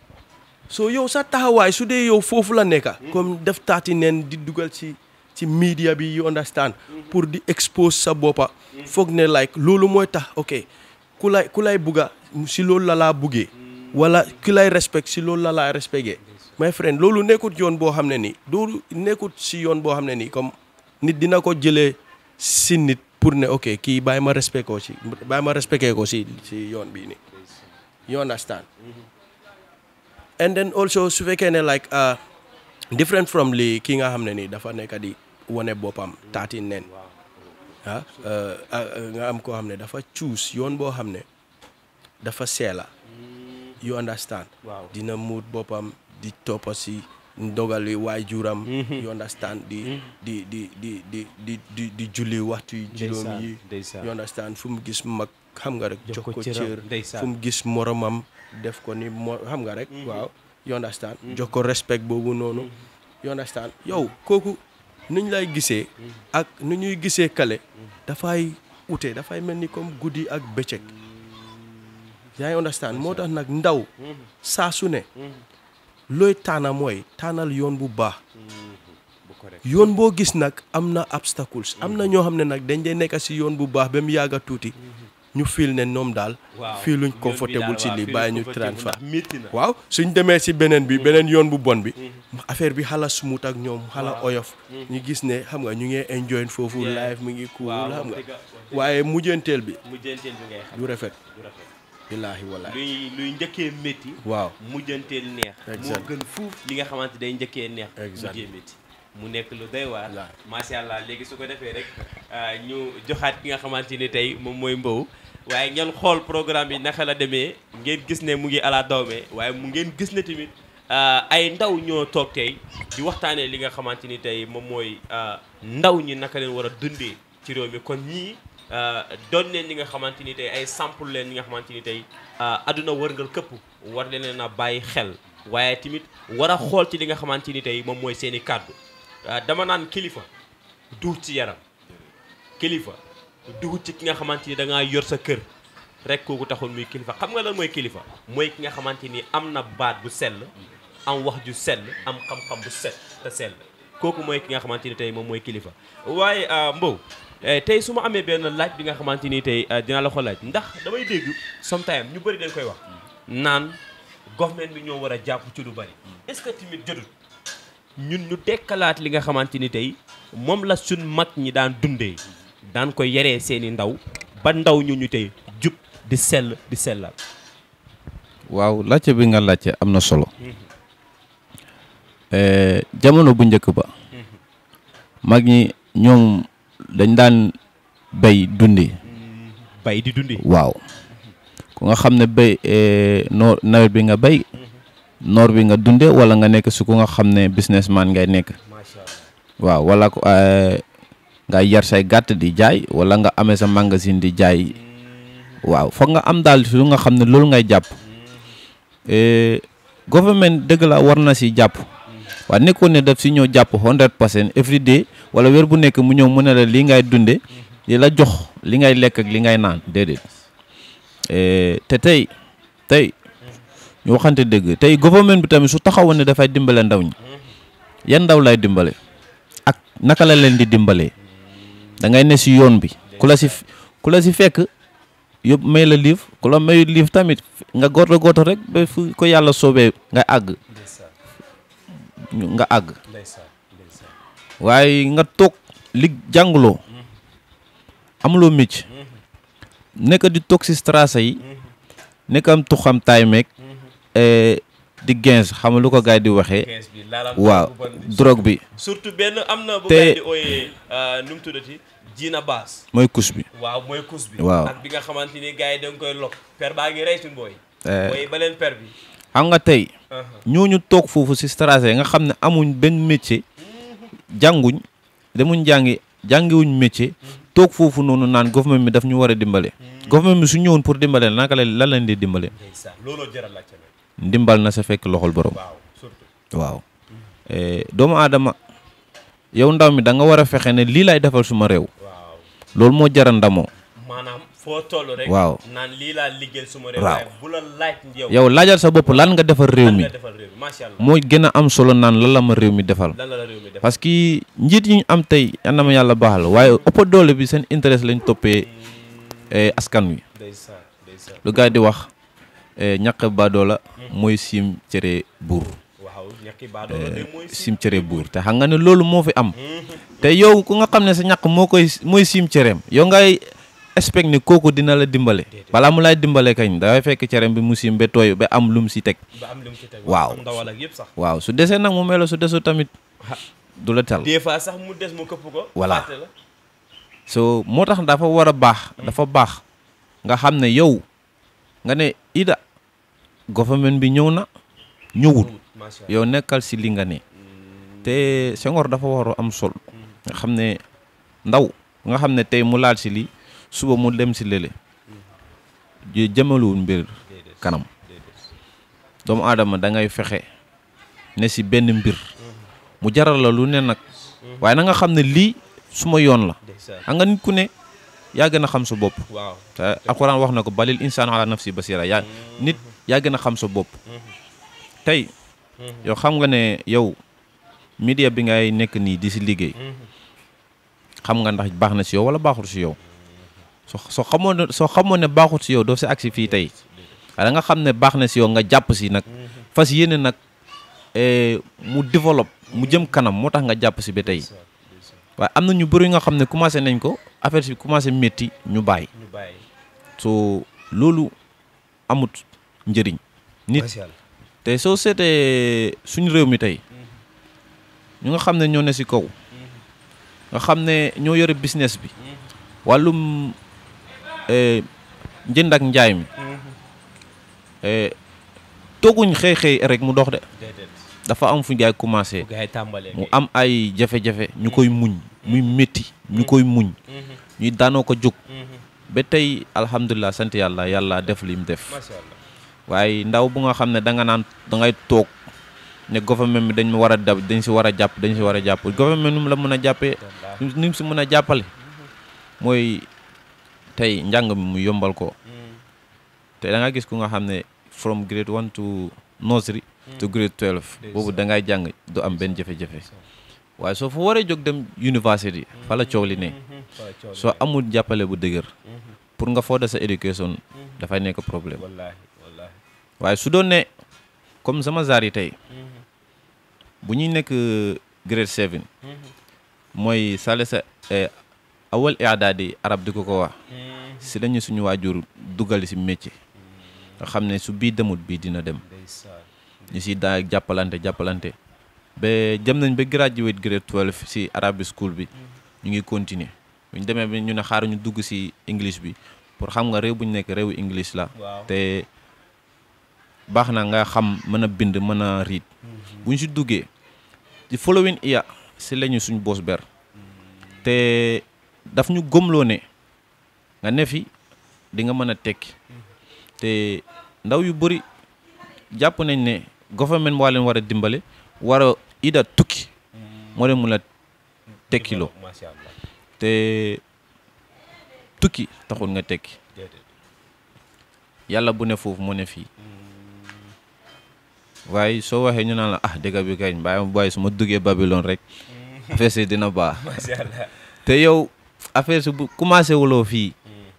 soo yow sa taxawaay su dee yow foofu la nekka comme def taati neen di dugal ci ci media bi you understand pour di expose sa boppa foog ne like loolu mooy tax ok ku lay ku lay bugga si loolu la laa buggee wala ki lay respect si loolu la laa respecté my friend loolu nekkut yoon boo xam ne nii loolu nekkut si yoon boo xam ne nii comme nit dina ko jëlee si nit pour ne ok kii baay ma respecté ko si ma respecté ko si si yoon bii nii you understand and then also su fekkee ne like uh, different from lii ki nga xam ne nii dafa nekk di wane boppam taati neen ah uh, uh, nga am koo xam ne dafa choose yoon boo xam ne dafa seela you understand dina muut boppam di toppa si ndogali waajuram mhm. you understand di mhm. di di di di di di di julli waxtu yi juróom yi you understand fu mu gis mag xam nga rek jox ko cër fu mu gis moromam def ko ni moo xam nga rek. Mhm. waaw you understand. Mhm. jox ko respect boobu noonu. Mhm. you understand yow kooku nuñ lay gisee. ak nu ñuy gisee kale. dafay ute dafay mel ni comme guddi ak bëccëg. yaa understand moo tax nag ndaw saa su ne looy taana mooy taanal yoon bu baax yoon boo gis nag am na obstacles am na ñoo xam ne nag dañ dee nekk si yoon bu baax ba mu yàgg tuuti ñu fiil ne noom daal fii luñ confortable si lii bàyyi ñu train fa waaw suñ demee si beneen bi mm-hmm. beneen yoon bu bon bi mm-hmm. affaire bi xala smooth ak ñoom xala oyof mm-hmm. ñu gis ne xam nga ñu ngi enjoy foofu live mu ngi cool xam nga waaye mujjanteel bi du rafet billaahi wallaahi luy luy njëkkee métti waaw mujjanteel neex moo gën fuuf li nga xamante day njëkkee neex mujjee métti mu nekk lu doy waar macha allah léegi su ko defee rek euh, ñu joxaat ki nga xamante ni tey moom mooy Mbow waaye ngeen xool programme bi naka la demee ngeen gis ne mu ngi ala dawme waaye mu ngeen gis ne tamit euh, ay ndaw ñoo toog tey di waxtaanee li nga xamante ni tey moom mooy euh, ndaw ñi naka leen war a dundee ci réew mi kon ñii euh, doon leen li nga xamante ni tey ay sample leen li nga xamante ni tey adduna wërngal këpp war leen a bàyyi xel waaye tamit war a xool ci li nga xamante ni tey moom mooy seen i kàddu dama naan kilifa duut ci yaram kilifa dugg ci ki nga xamante ni da ngaa yor sa kër rek kooku taxul muy kilifa xam nga lan mooy kilifa mooy ki nga xamante ni am na baat bu sell am wax ju sell am xam-xam bu set te sell kooku mooy ki nga xamante ni tey moom mooy kilifa waaye euh, Mbow eh, tey su ma amee benn laaj bi nga xamante ni tey euh, dinaa la ko laaj ndax damay dégg sometimes ñu bëri dañ koy wax naan government bi ñoo war a jàpp ci lu bari est-ce que tamit jotut ñun ñu dekkalaat li nga xamante ni tey moom la suñ mag ñi daan dundee daan ko yaree seeni ndaw ba ndaw ñu ñu tey jub di sell di sellal waaw laajte bi nga laajte am na solo mhm. eh, jamono bu njëkk ba mhm. mag ñi ñoom dañ daan bay dundi mhm. bay waaw ku nga xam ne bay eh, noor nawet bi nga bay noor bi nga dunde wala nga nekk su ku nga xam ne business businessman ngay nekk waaw wala eh, nga yar say gàtt di jaay wala nga amee sa magasin di jaay waaw foog nga am daal su nga xam ne loolu ngay jàpp eh, government dëgg la war na si jàpp waaye nekkoon ne daf si ñëw jàpp hundred wala weer bu nekk mu ñëw mu ne lii ngay dunde li la jox li ngay lekk ak li ngay naan déedéet eh, te tey tey ñu waxante dëgg tey gouvernement bi tamit su taxawoon ne dafay dimbale ndaw ñi yan ndaw lay dimbale ak naka la leen di dimbalee da ngay ne si yoon bi ku la si fekk yëpp may la livre ku la mayu livre tamit nga góorta góorta rek ba fu ko yàlla soobee nga àgg nga àgg waaye nga toog li jànguloo amuloo micc mm-hmm. nekk di toog si strasse yi mm-hmm. nekk am tuxam taay meeg mm-hmm. eh, di gens xam nga lu ko gars di waxee. waaw drogue bi. surtout benn am na bu gars yi di ooyee euh, nu mu tuddati baas. mooy kus bi. waaw mooy kus bi. waaw bi nga xamante ni gars yi dañ koy lok per baa ngi rey booy. Eh. booy ba xam nga tey. Uh-huh. ñooñu toog foofu si stratégie nga xam ne amuñ benn métier. Mm-hmm. jànguñ demuñ jàngi jàngiwuñ métier. Mm-hmm. toog foofu noonu naan government mi daf ñu war a dimbale. Mm-hmm. government mi su ñëwoon pour dimbale naka la leen di dimbale. looloo jaral laajte ndimbal na sa fekk loxol borom waaw eh, doomu aadama yow ndaw mi da nga war a fexe ne lii lay defal suma réew loolu moo jara ndamoo maanaam foo toll rek waaw naan lii laa liggéeyal suma réew bu la laaj yow yow laajal sa bopp lan nga defal réew mi moo gën a am solo naan lan la ma réew mi defal parce que njiit yi ñu am tey yal na ma yàlla baaxal waaye ëpp doole bi seen intéress lañ toppee hmm. eh, askan wi lu gars yi di wax Eh, ñaq baadoola mooy siim cere buur eh, siim cere buur te xam nga ne loolu moo fi am te yow ku nga xam ne sa ñaq moo koy mooy siim cereem yow ngay expect ni kooku dina la dimbale balaa mu lay dimbale kañ dafay fekk cereem bi mu siim ba tooy ba am lum si teg waaw waaw su desee nag mu la su desu tamit du la tal des fois sax mu des mu këpp ko voilà so moo tax dafa war a baax dafa baax nga xam ne yow nga ne ida government bi ñëw na ñëwul yow nekkal si li nga ne te Senghor dafa waro am sol nga xam ne ndaw nga xam ne mu laal suba mu dem si lële jëmalewul bir kanam dom adam da ngay fexe ne si benn mbir mhm. mu jaral la lu ne nag mhm. waaye na nga xam ne suma yoon la a nga nit ku ne yaa gën xam wax balil insaan ala nafsi basira ya, mhm. nit yaa gën a xam sa bopp tey yow xam nga ne yow média bi ngay nekk nii di si liggéey xam nga ndax baax na si yow wala baaxul si yow so soo xamoo soo xamoon ne baaxul si yow doo si agsi fii tey da nga xam ne baax na si yow nga jàpp si nag fas yéene nag eh, mu développe mu jëm kanam moo tax nga jàpp si ba tey waaye am na ñu bëri nga xam ne commencé nañ ko affaire si commencé métti ñu bàyyi so loolu amut njëriñ nit te soo seetee suñu réew mi tey ñu nga xam ne ñoo ne si kaw nga xam ne ñoo yore business bi wàllum eh, jënd ak njaay mi eh, tooguñ xëy xëy rek mu dox de dafa am fu gaay commencé mu am ay jafe-jafe ñu koy muñ muy métti ñu koy muñ mhm. ñuy daanoo ko jóg mhm. ba tey alhamdulilah sant yàlla yàlla def li mu def waaye ndaw bu nga xam ne da nga naan da ngay toog ne gouvernement bi dañ war a dab dañ si war a jàpp dañ si war a jàpp gouvernement nu mu la mën a jàppee ni mu si mën a jàppale mooy tey njàng mi mu yombal ko te da gis ku nga xam ne from grade one to nursery to da ngay jàng du am benn jafe-jafe waaye soo fa waree jóg dem university fa la coow li ne soo amul jàppale bu dëgër mhm. pour nga de sa éducation mhm. dafay nekk problème waaye su doon ne comme sama zaar yi tey mhm. bu ñuy nekk euh, grade seven mhm. mooy salesa euh, awal iadaadi arab di ko ko wax mhm. si lañu suñu waajur dugal si métier nga xam ne su bii demut bii dina dem ñu si daa jàppalante jàppalante ba jëm nañ ba graduate grade twelve si arabi school bi ñu ngi continuer bu ñu demee ba ñu ne xaar ñu dugg si english bi pour xam nga réew bu ñu nekk réew english la baax na nga xam mën a bind mën a riit bu ñu si duggee di following iya si lañu suñ boos ber te daf ñu gëmloo ne nga ne fi dinga mën a tekki te ndaw yu bëri jàpp nañ ne government waa leen war a dimbale war a ida tukki moo leen mun a tekkiloo te tukki taxul nga tekki yàlla bu ne foofu moo ne fii waaye soo waxee ñu naan la ah dëgg bi kañ bàyyi ma booy su duggee Babylone rek mm. affaire dina baax. macha te yow affaire si bu commencé wuloo fii mm.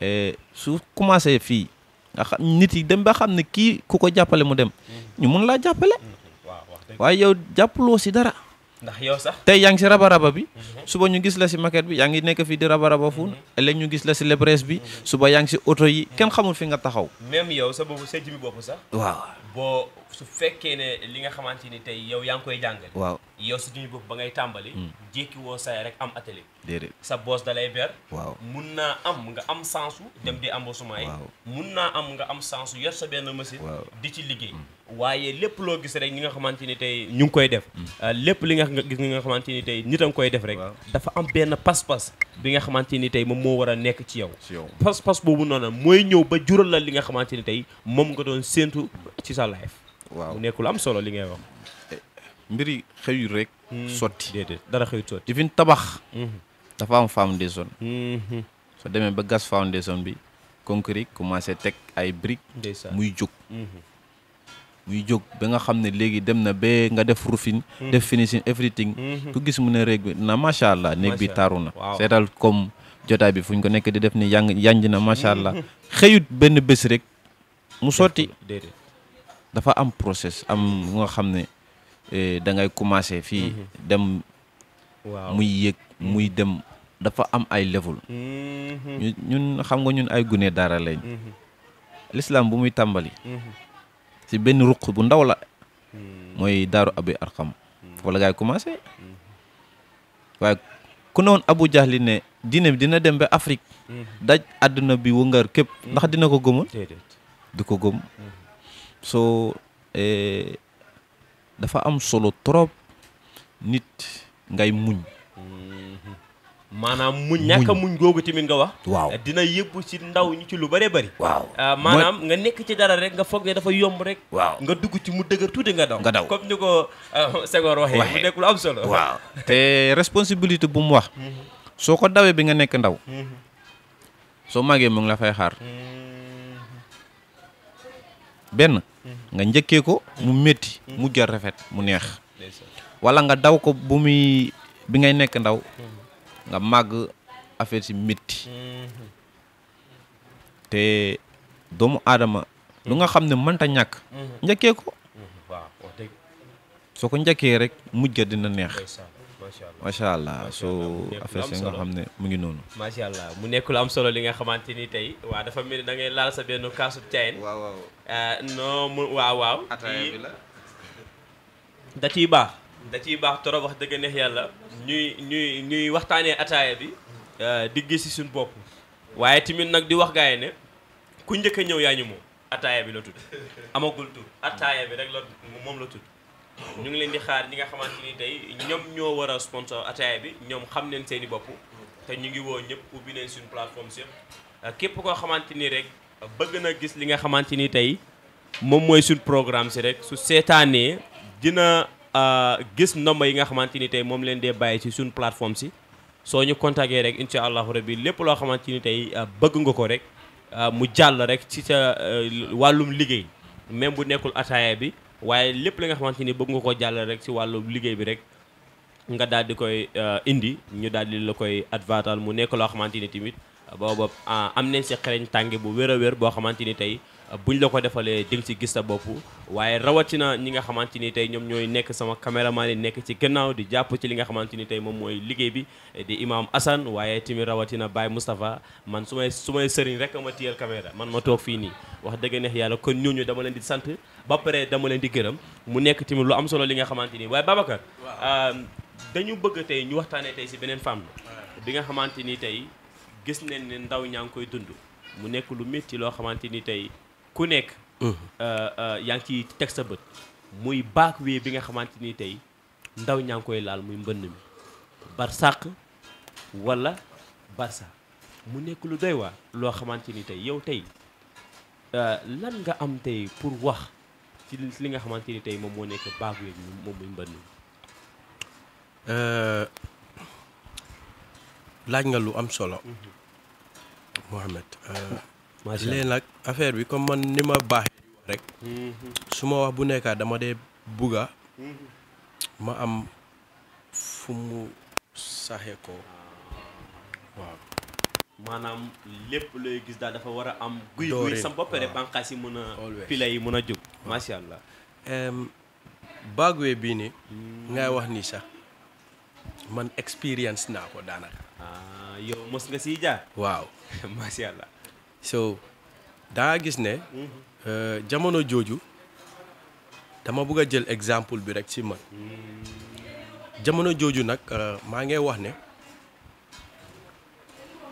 eh, su commencé fii nga xam nit yi dem ba xam ne kii ku ko jàppale mu dem mm. ñu mën laa jàppale. Mm-hmm. waaye yow jàppaloo si dara. ndax yow sax tey yaa ngi si raba raba bi. Mm-hmm. suba ñu gis la si maquette bi yaa ngi nekk fii di raba raba fuun. Mm-hmm. ëllëg ñu gis la si lebresse bi. suba yaa ngi si oto yi kenn xamul fi nga taxaw. même yow sa bopp sa jëmmi bopp sax. waaw. Well. su fekkee ne li nga xamante ni tey yow yaa ngi koy jàngale. waaw yow si duñu bopp ba ngay tàmbali. Hmm. jékki woo saay rek am atelier. sa boos da lay ber. waaw mun naa am nga am sansu dem hmm. di embauchement yi. mun naa am nga am sansu yor sa benn machine. di ci liggéey. Hmm. waaye lépp loo gis rek ñi nga xamante ni tey ñu ngi koy def. Euh, lépp li nga gis nga xamante ni tey nit a ngi koy def rek. dafa am benn pas-pas. bi nga xamante ni tey moom moo war a nekk ci yow. pas-pas boobu noonu mooy ñëw ba jural la li nga xamante ni tey moom nga doon séentu ci sa life. waaw mu am solo li ngay wax. mbiri xëyul rek. Hmm. sotti déedéet dara xëyut sotti. difin tabax. Hmm. dafa am foundation. Hmm. soo demee ba gas foundation bi concret commencé teg ay briques. muy jóg. muy jóg ba nga xam ne léegi dem na ba nga def roofing def finishing everything ku gis mu ne rek bi na macha allah néeg bi taaru na seetal comme jotaay bi fu ñu ko nekk di def ni yang yanj na macha allah xëyut benn bés rek mu sotti dafa am proses am nga xam ne eh, da ngay commencer fi mhm. dem. waaw muy yek muy mhm. dem dafa am ay level. Mhm. ñun xam nga ñun ay gune dara lañ. l'islam bu muy tambali si ben ruq bu ndaw la. moy daru abi arqam. fo la ngay commencer. wa ku non Abu Jahli ne dina bi dina dem ba Afrique. daj aduna bi wëngar kep ndax dina ko dedet du ko gom so eh, dafa am solo trop nit ngay muñ manam mhm. muñ ñaka muñ gogu tamit nga wax eh, dina yebbu ci ndaw ñu ci lu wow. bëri manam maanaam nga nekk ci dara rek nga fogg dafa yomb rek waaw nga dugg ci mu deugar tuuti nga daw comme ñuko ko eh, Senghor mu nekk lu am solo waaw te responsabilité bu mu wax mhm. soo ko bi nga nekk ndaw mhm. so magé mu ngi la fay xaar ben nga njëkkee ko mu métti mu jot rafet mu neex wala nga daw ko bu muy bi ngay nekk ndaw nga màgg affaire si métti te doomu aadama lu nga xam ne mënta ñàkk njëkkee ko soo ko njëkkee rek mujj dina neex macha allah soo affaire yi nga xam ne mu ngi noonu. macha allah mu nekk lu am solo li nga xamante ni tey waa dafa mel ni da laal sa benn kaasu caayin. waaw waaw eh, mu waaw waaw. ataaya bi la da ciy baax. da ciy baax trop wax dëgg neex yàlla. ñuy ñuy ñuy waxtaanee ataaya bi. Eh, di gis si suñu bopp. waaye tamit nag di wax gaa yi ne ku njëkk ñëw yaa ñu moom. ataaya bi la tudd amagul tur ataaya bi rek la moom la tudd. ñu ngi leen di xaar ñi nga xamante ni tey ñoom ñoo war a sponsor ataaya bi ñoom xam neen seeni bopp te ñu ngi woo ñëpp ubbi neen suñu plateforme si képp koo xamante ni rek bëgg na gis li nga xamante ni tey moom mooy suñu programme rek su seetaanee dina gis nomba yi nga xamante ni tey moom leen dee bàyyi ci suñu plateforme si soo ñu contacté rek incha allahu rabi lépp loo xamante ni tey bëgg nga ko rek mu jàll rek ci sa wàllum liggéey même bu nekkul ataaya bi waaye lépp la nga xamante ni bëgg nga ko jàllale rek si wàllu liggéey bi rek nga daal di koy euh, indi ñu daal di la koy advatal mu nekk loo xamante ni tamit boobu euh, am nañ si xereñ tànge bu wér a wér boo xamante ni tey buñ la ko defalee di ci gis sa bopp waaye rawatina ñi nga xamante ni tey ñoom ñooy nekk sama caméraman yi nekk ci gannaaw di jàpp ci li nga xamante ni tey moom mooy liggéey bi di imam Assane waaye tamit rawatina Baye Moustapha man su may su may sëriñ rek ma tiyal caméra man ma toog fii nii wax dëgg neex yàlla kon ñooñu dama leen di sant ba pare dama leen di gërëm mu nekk timi lu am solo li nga xamante ni waaye Babacar um, dañu bëgg tey ñu waxtaanee tey ci beneen femme bi nga xamante ni tey gis nañ ne ndaw ñaa ngi koy dund mu nekk lu métti loo xamante ni tey ku nekk. Mhm. Euh, euh, yaa ngi ci teg sa bët. muy baak wee bi nga xamante ni tey ndaw ñaa ngi koy laal muy mbënn mi. barsàq wala barsa mu nekk lu doy waa loo xamante ni tey yow tey euh, lan nga am tey pour wax ci li nga xamante ni tey moom moo nekk baak wee moom muy mbënn mi. laaj nga lu am solo. Mhm. Mohamed. macha nag affaire bi comme man ni ma baax rek mm-hmm. su ma wax bu ma'am, dama dee bugga mm-hmm. ma am fu mu ko ah. waaw maanaam lépp looy gis daal dafa war am guy guy yi mën bagwe bii ni mm. ngay wax man experience naa ko daanaka ah, yow mos nga siy jaar waaw so daa gis ne. Mm-hmm. Euh, jamono jooju dama bëgg a jël exemple bi rek ci man. jamono jooju nag euh, maa ngi wax ne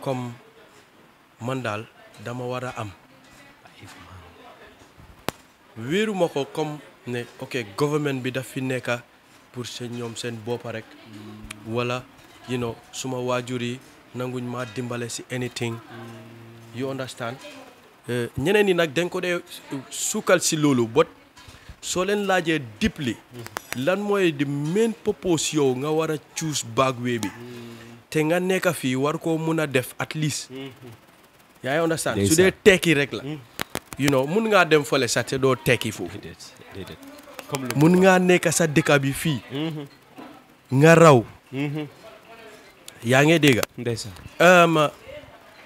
comme man daal dama war a am. wéeru ko comme ne ok government bi daf fi nekka pour seen ñoom seen boppa rek mm. wala you suma waajur yi nanguñ maa dimbale si anything mm. you understand eh, ñeneen ñi nag dañ ko dee sukkal si loolu bot soo leen laajee deeply lan mooy di main purpose yow nga war a choose Bagwe bi te nga nekk fii war koo mun a def at least yaa ngi understand su dee tekki rek la hmm. you know mun ngaa dem fële sax te doo tekki foofu mun ngaa nekk sa dëkk bi fii hmm. nga raw hmm. yaa ngi dégg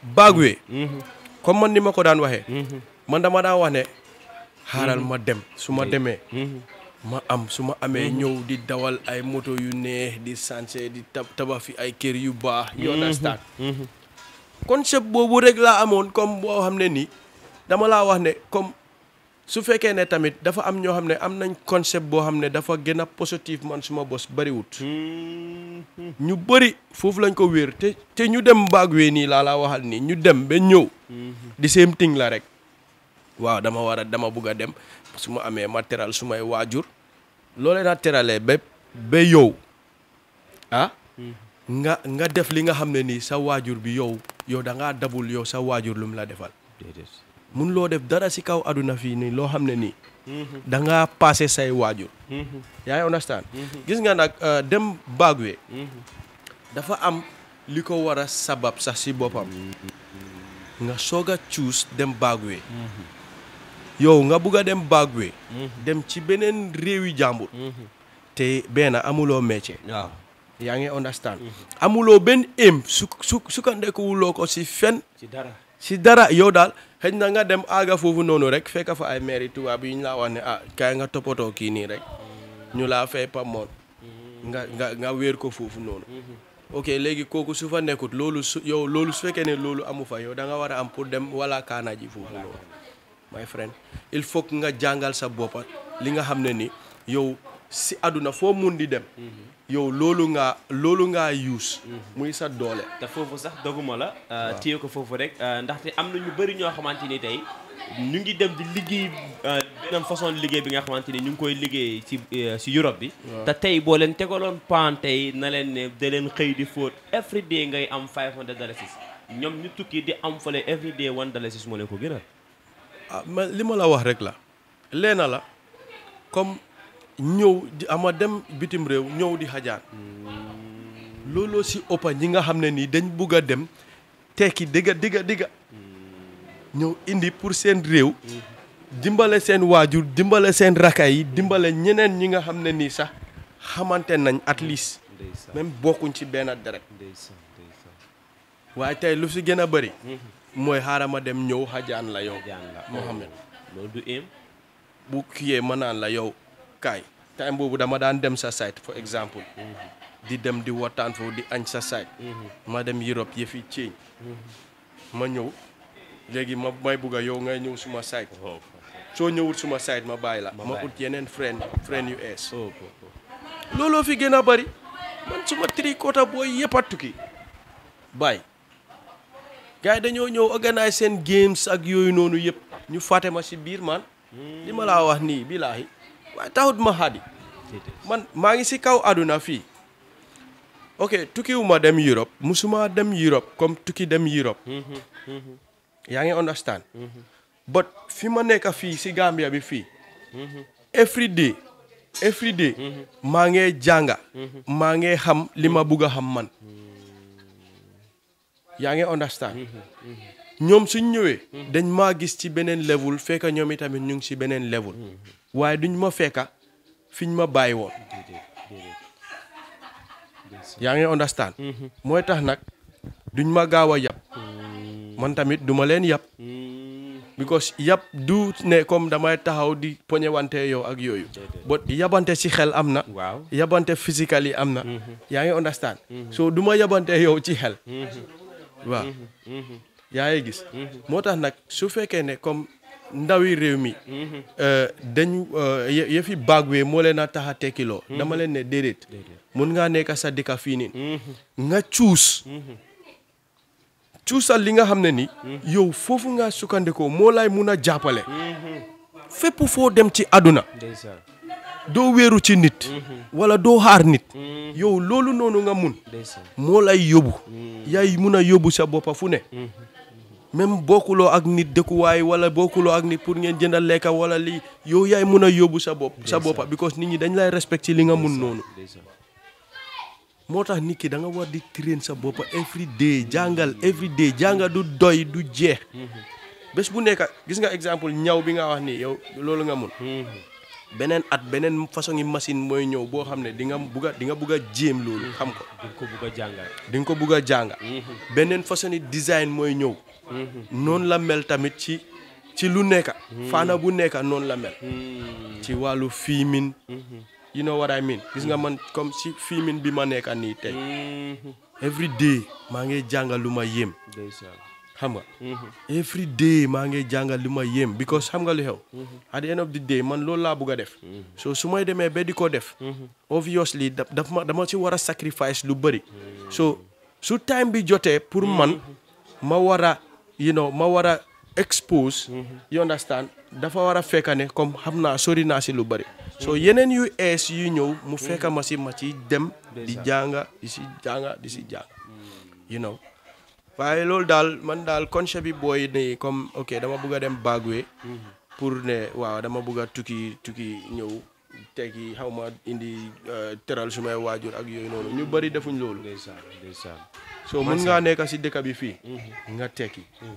baagwee mm-hmm. comme man ni ma ko daan waxee mm-hmm. man dama daa wax ne xaaral mm-hmm. ma dem su ma demee ma am su ma amee ñëw di dawal ay moto yu neex di sanse di tabax fi ay kër yu baax you understand concept boobu rek laa amoon comme boo xam ne nii dama laa wax ne comme su fekkee ne tamit dafa am ñoo xam ne am nañ concept boo xam dafa gën positif man suma bos wut hmm. ñu bari foofu lañ ko wéer te te ñu dem baag wee nii laa laa waxal nii ñu dem ba ñëw di hmm. same thing la rek waaw dama war a dama bugg a dem su ma amee ma wajur su may waajur loolee naa teralee ba ba yow ah hmm. nga nga def li nga xam ne sa waajur bi yow yow da ngaa dabul yow sa waajur lu mu la defal mun loo def dara si kaw aduna fii nii loo xam ne nii. Mhm. da nga passé say waajur. Mhm. yaa ngi mhm. gis nga nag euh, dem Bagwe. dafa am li ko war a sabab sax si boppam. nga soog a cuus dem Bagwe. yow nga bugg a dem Bagwe. dem ci beneen réewi jàmbur. te benn amuloo métier. yaa ngi understand. amuloo benn aim su su sukkandeku wuloo ko si fen. si dara si dara yow daal xëj na nga dem aaga foofu noonu rek fekk fa ay maire tubaab yi ñu laa wax ne ah kaay nga toppatoo kii nii rek ñu laa fay pamoon nga nga nga wéer ko foofu noonu. ok léegi kooku su fa nekkut loolu su yow loolu fekkee ne loolu amu fa yow danga war a am pour dem wala kaana ji foofu noonu. my friend il faut que nga jàngal sa boppa li nga xam ne ni yow si àdduna foo mun di dem. yow loolu ngaa loolu ngaa use muy sa doole te foofu sax doguma la euh, téye ko foofu rek euh, ndaxte am na ñu bëri ñoo xamante ni tey ñu ngi dem di liggéey euh, beneen façon liggéey bi nga xamante ni ñu ngi koy liggéey ci ci Europe bi te tey boo leen tegaloon pan tey na leen ne da leen xëy di fóot every day ngay am five hundred dalasis ñoom ñu tukki di am fale every day one dalasis moo leen ko gënal ah li ma la wax rek la leena la comme ñew di ama dem bitim rew ñew di xajaan lolo si opa ñi nga xamne ni dañ bugg dem teki digga digga digga ñew indi pour sen rew dimbalé sen wajur dimbalé sen rakay dimbalé ñeneen ñi nga xamne ni sax xamanté nañ at least même bokkuñ ci benn rek waaye tay lu ci gëna bari moy mm-hmm. harama dem ñew xajaan la yow mohamed loolu du im bu kiyé manan la yow dëkkukaay time bobu dama dan dem sa site for example di dem di watan fo di agn sa site ma dem Europe fi ceeñ ma ñew legi ma may buga a yow ngay ñew suma site oh. so ñewul suma site ma bàyyi la ma ut yenen friend friend US oh, oh, lolo fi gëna a bari man suma tricota boy yëpp a tukki bàyyi gars yi dañoo games ak yoy nonu yep ñu faté ma ci bir man hmm. li ma wax ni bilaahi waaye mahadi ma man maa ngi si kaw àdduna fii ok tukkiwuma dem Europe musuma dem Europe kom tukki dem Europe hmm, hmm, hmm, yaa ngi understand but fi ma nekk fi si Gambia bi -hmm. every day every day maa janga, jànga maa ngee xam li ma xam man ngi understand Nyom suñ ñëwé dañ ma gis ci benen level fekk ñom itamit ñu ngi ci benen level waaye duñ ma fekka fiñ ma bàyyi woon yaa ngi understand mooy tax nag duñ ma gaaw a yàpp man tamit duma leen yàpp because yàpp du ne comme damay taxaw di poñewante yow ak yooyu bot yabante ci xel am na yabante physical yi am na yaa ngi understand so du ma yabante yow ci xel waaw yaa ngi gis moo tax nag su fekkee ne comme ndawi réew mi. Mhm. Euh, dañu euh, yëfi baag wee moo leen a tax a tekkiloo. Mhm. dama leen ne déedéet. mun ngaa nekk sa dëkk fii nii. Mhm. nga cuus. cuusal li nga xam ne ni. yow foofu nga sukkandikoo moo lay mun a jàppale. fépp foo dem ci àdduna. doo wéeru ci nit. wala doo xaar nit. yow loolu noonu nga mun. moo lay yóbbu. yaay mun a yóbbu sa boppa fu ne. même bokkuloo ak nit dëkkuwaay wala bokkuloo ak nit pour ngeen jëndal lekka wala lii yow yaay mun a yóbbu sa bopp sa boppa because nit ñi dañ lay respecté li nga mun noonu moo tax nit ki da nga war di train sa boppa every day jàngal every day jàngal du doy du jeex mm-hmm. bés bu nekk gis nga exemple ñaw bi nga wax nii yow loolu nga mun mm-hmm. beneen at beneen façon yi machine mooy ñëw boo xam ne di nga bugg a di nga bugg a jéem loolu mm-hmm. xam ko di nga ko bugg a jàngal ko bugg a beneen façon yi design mooy ñëw noonu la mel tamit ci ci lu nekka hmm. faana bu nekka noonu la mel hmm. ci wàllu fiimin hmm. you know what I mean gis nga man comme si fiimin bi ma nekka nii tey every day maa ngi jàngal lu ma yéem xam nga every day maa ngi jàngal lu ma yéem because xam nga lu xew at the end of the day man loolu laa bugg a def so su may demee ba di ko def obviously daf ma dama ci war a sacrifice lu bëri so su time bi jotee pour man ma war you know ma expose mm expose you understand dafa wara a ne comme xamna sori na ci lu bari so yenen yu es yu ñew mu feka ma si ma ci dem di janga di si janga, di si jang. you know waye lol dal man dal concept bi boy ne comme ok dama bëgg dem bagwe pour ne waaw dama bëgg tuki tukki tukki ñew tegi xawma indi euh, teral sumay wajur ak yoy know, ñu bari defuñ lolou ndeysaan so mën ngaa nekk si dëkk bi fii mhm. nga tekki mhm.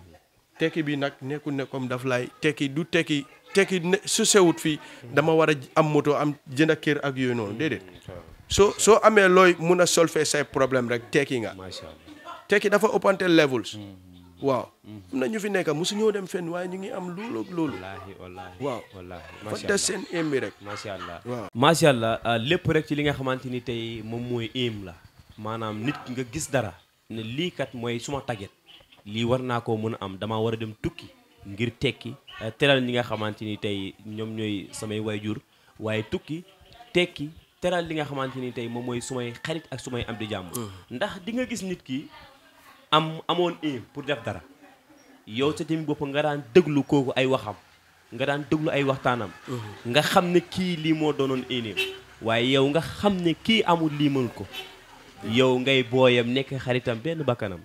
tekki bi nag nekkul ne comme daf lay tekki du tekki tekki su sewut fii mhm. dama war a am moto am jënd kër ak yooyu noonu déedéet soo soo amee looy mun a solver say problème rek tekki nga tekki dafa ëppante levels waaw am na ñu fi nekk mosu ñoo dem fenn waaye ñu ngi am loolu ak loolu. wallaahi wallaahi waaw wallaahi macha allah seen aim bi rek. macha allah waaw. macha allah ah, lépp rek ci li nga xamante ni tey moom mooy aim la maanaam nit nga gis dara ne li kat moy suma tagget li warna ko koo am dama wara dem tukki ngir tekki eh, teral ñi nga xamanteni tay ñom ñoy samay wayjur waye tukki tekki teral li nga xamanteni tay mom moy sumay xarit ak sumay am di jamm mm. ndax di nga gis nit ki am amone e pour def dara yow ci tamit bop nga daan deglu koku ay waxam nga daan deglu ay waxtanam mm-hmm. nga xamne ki li mo moo ene waye yow nga xamne ki amul li mel ko yow ngay booyam nekk xaritam benn bakkanam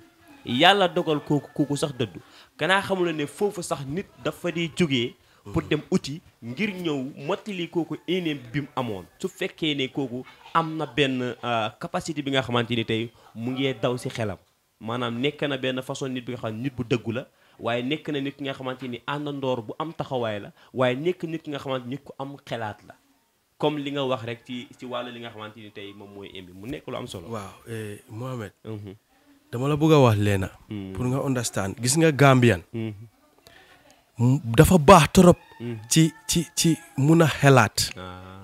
yàlla dogal kooku kooku sax dëddu kanaa xamula ne foofu sax nit dafa di jógee pour dem uti ngir ñëw mottali kooku éeneem bi mu amoon su fekkee ne kooku am na benn euh, capacité bi nga xamante ni tey mu ngee daw si xelam maanaam nekk na benn façon nit bi nga xam nit bu dëggu la waaye nekk na nit ki nga xamante ni àndandoor bu am taxawaay la waaye nekk nit ki nga xamante nit ku am xelaat la comme li nga wax rek ci ci wàll li nga xamante ni tey moom mooy émi mu nekk lu am solo. waaw eh, Mohamed. Mhm. dama la bëgg a wax leena mhm. pour nga understand gis nga Gambian. Mhm. dafa baax trop. ci ci ci mun a xelaat. Ah.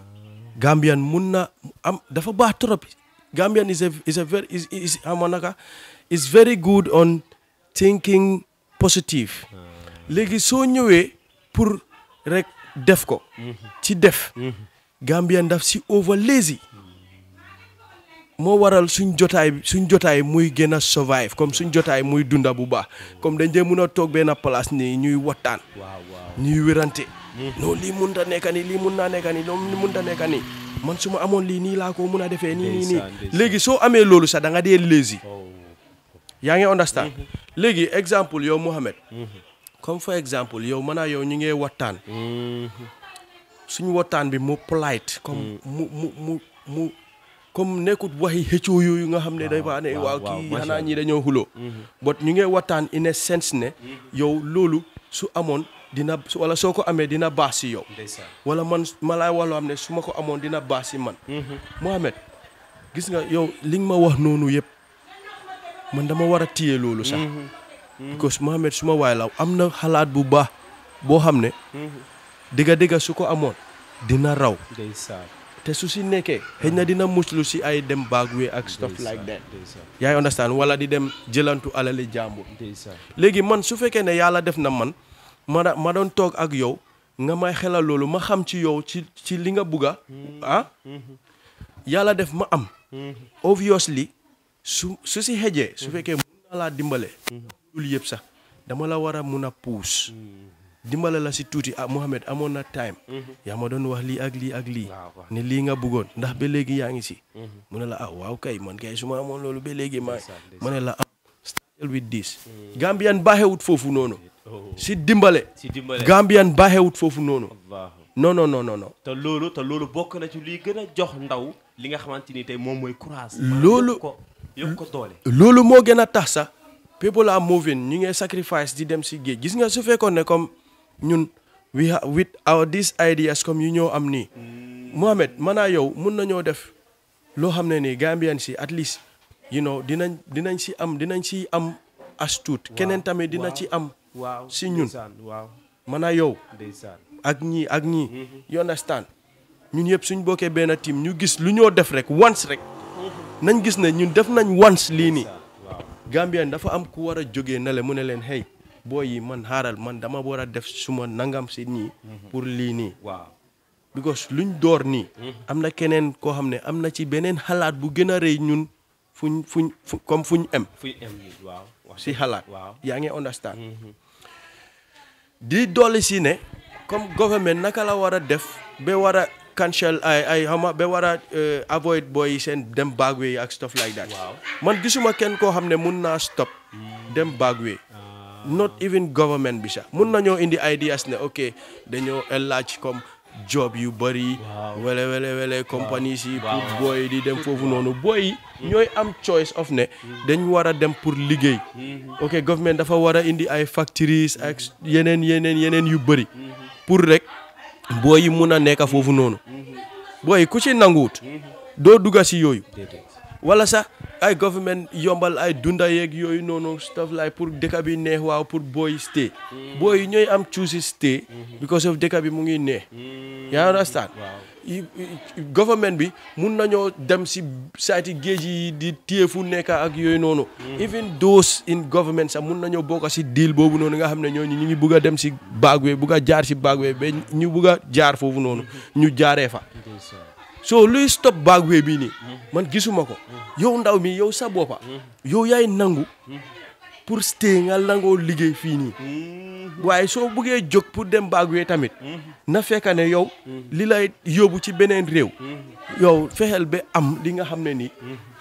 Gambian mun na am dafa baax trop. Gambian is a is a very is is amanaka is very good on thinking positive. Ah. léegi soo ñëwee pour rek def ko. ci def. Gambia ndaf si over lazy moo waral suñ jotaay suñ jotaay muy gën a survive comme suñ jotaay muy dunda bu baax comme dañ dee mun a toog na place nii ñuy waxtaan ñuy wérante hmm. non lii mun ta nekka nii lii mun naa nekka nii loolu mun ta nekka nii man su ma amoon lii nii laa ko mun a defee nii nii léegi soo amee loolu sax danga nga dee lazy oh. yaa ngi understand hmm, hmm. léegi exemple yow Mohamed comme for exemple yow man a yow ñu ngee waxtaan suñu waxtaan bi mu polite. comme mm. mu mu mu mu comme nekkut waxi xëccoo yooyu nga xam ne day baax ñii dañoo xuloo mm-hmm. but ñu ngee waxtaan in a sense ne mm-hmm. yow loolu su amoon dina wala soo ko amee dina baax si yow wala man ma laay wax loo xam ne su ma ko amoon dina baax si man mm-hmm. Mohamed gis nga yow li ma wax noonu yëpp man dama war a téye loolu sax because Mohamed su ma waay la am na xalaat bu baax boo xam ne digga digga su ko amoon dina raw te su si nekkee xëy na dina muslu si ay dem baagwe ak stuff like that yaay understand wala di dem jëlantu alali jàmbur léegi man su fekkee ne yàlla def na man ma ma doon toog ak yow nga may xelal loolu ma xam ci yow ci ci li nga bugga mm-hmm. ah mm-hmm. yàlla def ma am mm-hmm. obviously su su si xejee su fekkee mun na laa dimbale loolu yëpp sax dama la war a mun a puus dimbala la si tuuti ah Mohamed amoon na time. Mhm. yaa ma doon wax lii ak lii ak lii. ne lii nga bëggoon ndax ba léegi yaa ngi si. Mhm. mu ne la a ah, waaw kay man kay su ma amoon loolu ba léegi ma ma ne la ah. start with this. Mhm. Gambian baaxewut foofu noonu. Oh. si dimbale. si dimbale Gambian baaxewut foofu noonu. non non no non. te loolu te loolu bokk na ci liy gën a jox ndaw li nga xamante ni tey moom mooy courage. loolu ko yokk ko doole. loolu moo gën a tax sax people are moving ñu ngi sacrifice di dem ñun we with our these ideas comme yu ñoo am nii Mohamed manaa yow mun nañoo def loo xam ne nii Gambian si at least you know dinañ dinañ si am dinañ si am astute keneen tamit dina ci am si ñun manaa yow ak ñii ak ñii mm-hmm. you understand ñun yëpp suñ bokkee benn team ñu gis lu ñoo def rek once rek mm-hmm. nañ gis ne ñun def nañ once lii nii Gambian dafa am ku war a jógee na le mu ne leen hey boo yi man xaaral man dama war a def suma nangam si nii. pour lii nii. waaw because luñ door nii. am na keneen koo xam ne am na ci beneen xalaat bu gën a rëy ñun fuñ fuñ fu comme em. fuñ em waaw. si xalaat. waaw yaa ngi understand. Mhm. di doole si ne. comme government naka la war a def ba war a cancel ay ay xama ba war a eh, avoid booy seen dem bagwee ak stuff like that. man gisuma kenn koo xam ne mun naa stop. Mm. dem bagwee. not even government bi sax mun nañoo indi ideas ne ok dañoo enlarge comme job yu bëri. wele wele wele companies yi. pour booy di dem foofu noonu booy hmm. ñooy am choice of ne. Hmm. dañ war a dem pour liggéey. Hmm. ok government dafa war a indi ay factories ak yeneen yeneen yeneen yu bëri. pour rek booy yi mun a nekk foofu noonu. booy ku ci nanguwut doo dugga si yooyu. wala sax ay government yombal ay dunda yeeg yooyu noonu stuff like pour dëkk bi neex waaw pour booy stay. Hmm. booy yi ñooy am choose stay. Hmm. because of dëkk bi mu ngi neex. Hmm. yaa understand. government bi mun nañoo dem si saati géej yi di téye fu nekk ak yooyu noonu. even those in government sax mun nañoo bokk si deal boobu noonu nga xam ne ñooñu ñu ngi bugg a dem si baag we jaar si baag ba ñu bugg a jaar foofu noonu ñu jaaree fa. soo luy stop baag wee bii nii man gisuma ko mm. yow ndaw mi yow sa boppa mm. yow yaay nangu mm. pour stay nga nangoo liggéey fii nii mm-hmm. waaye soo buggee jóg pour dem wee tamit na fekka ne yow mm-hmm. li lay yóbbu ci beneen réew mm-hmm. yow fexeel ba am li nga xam ne ni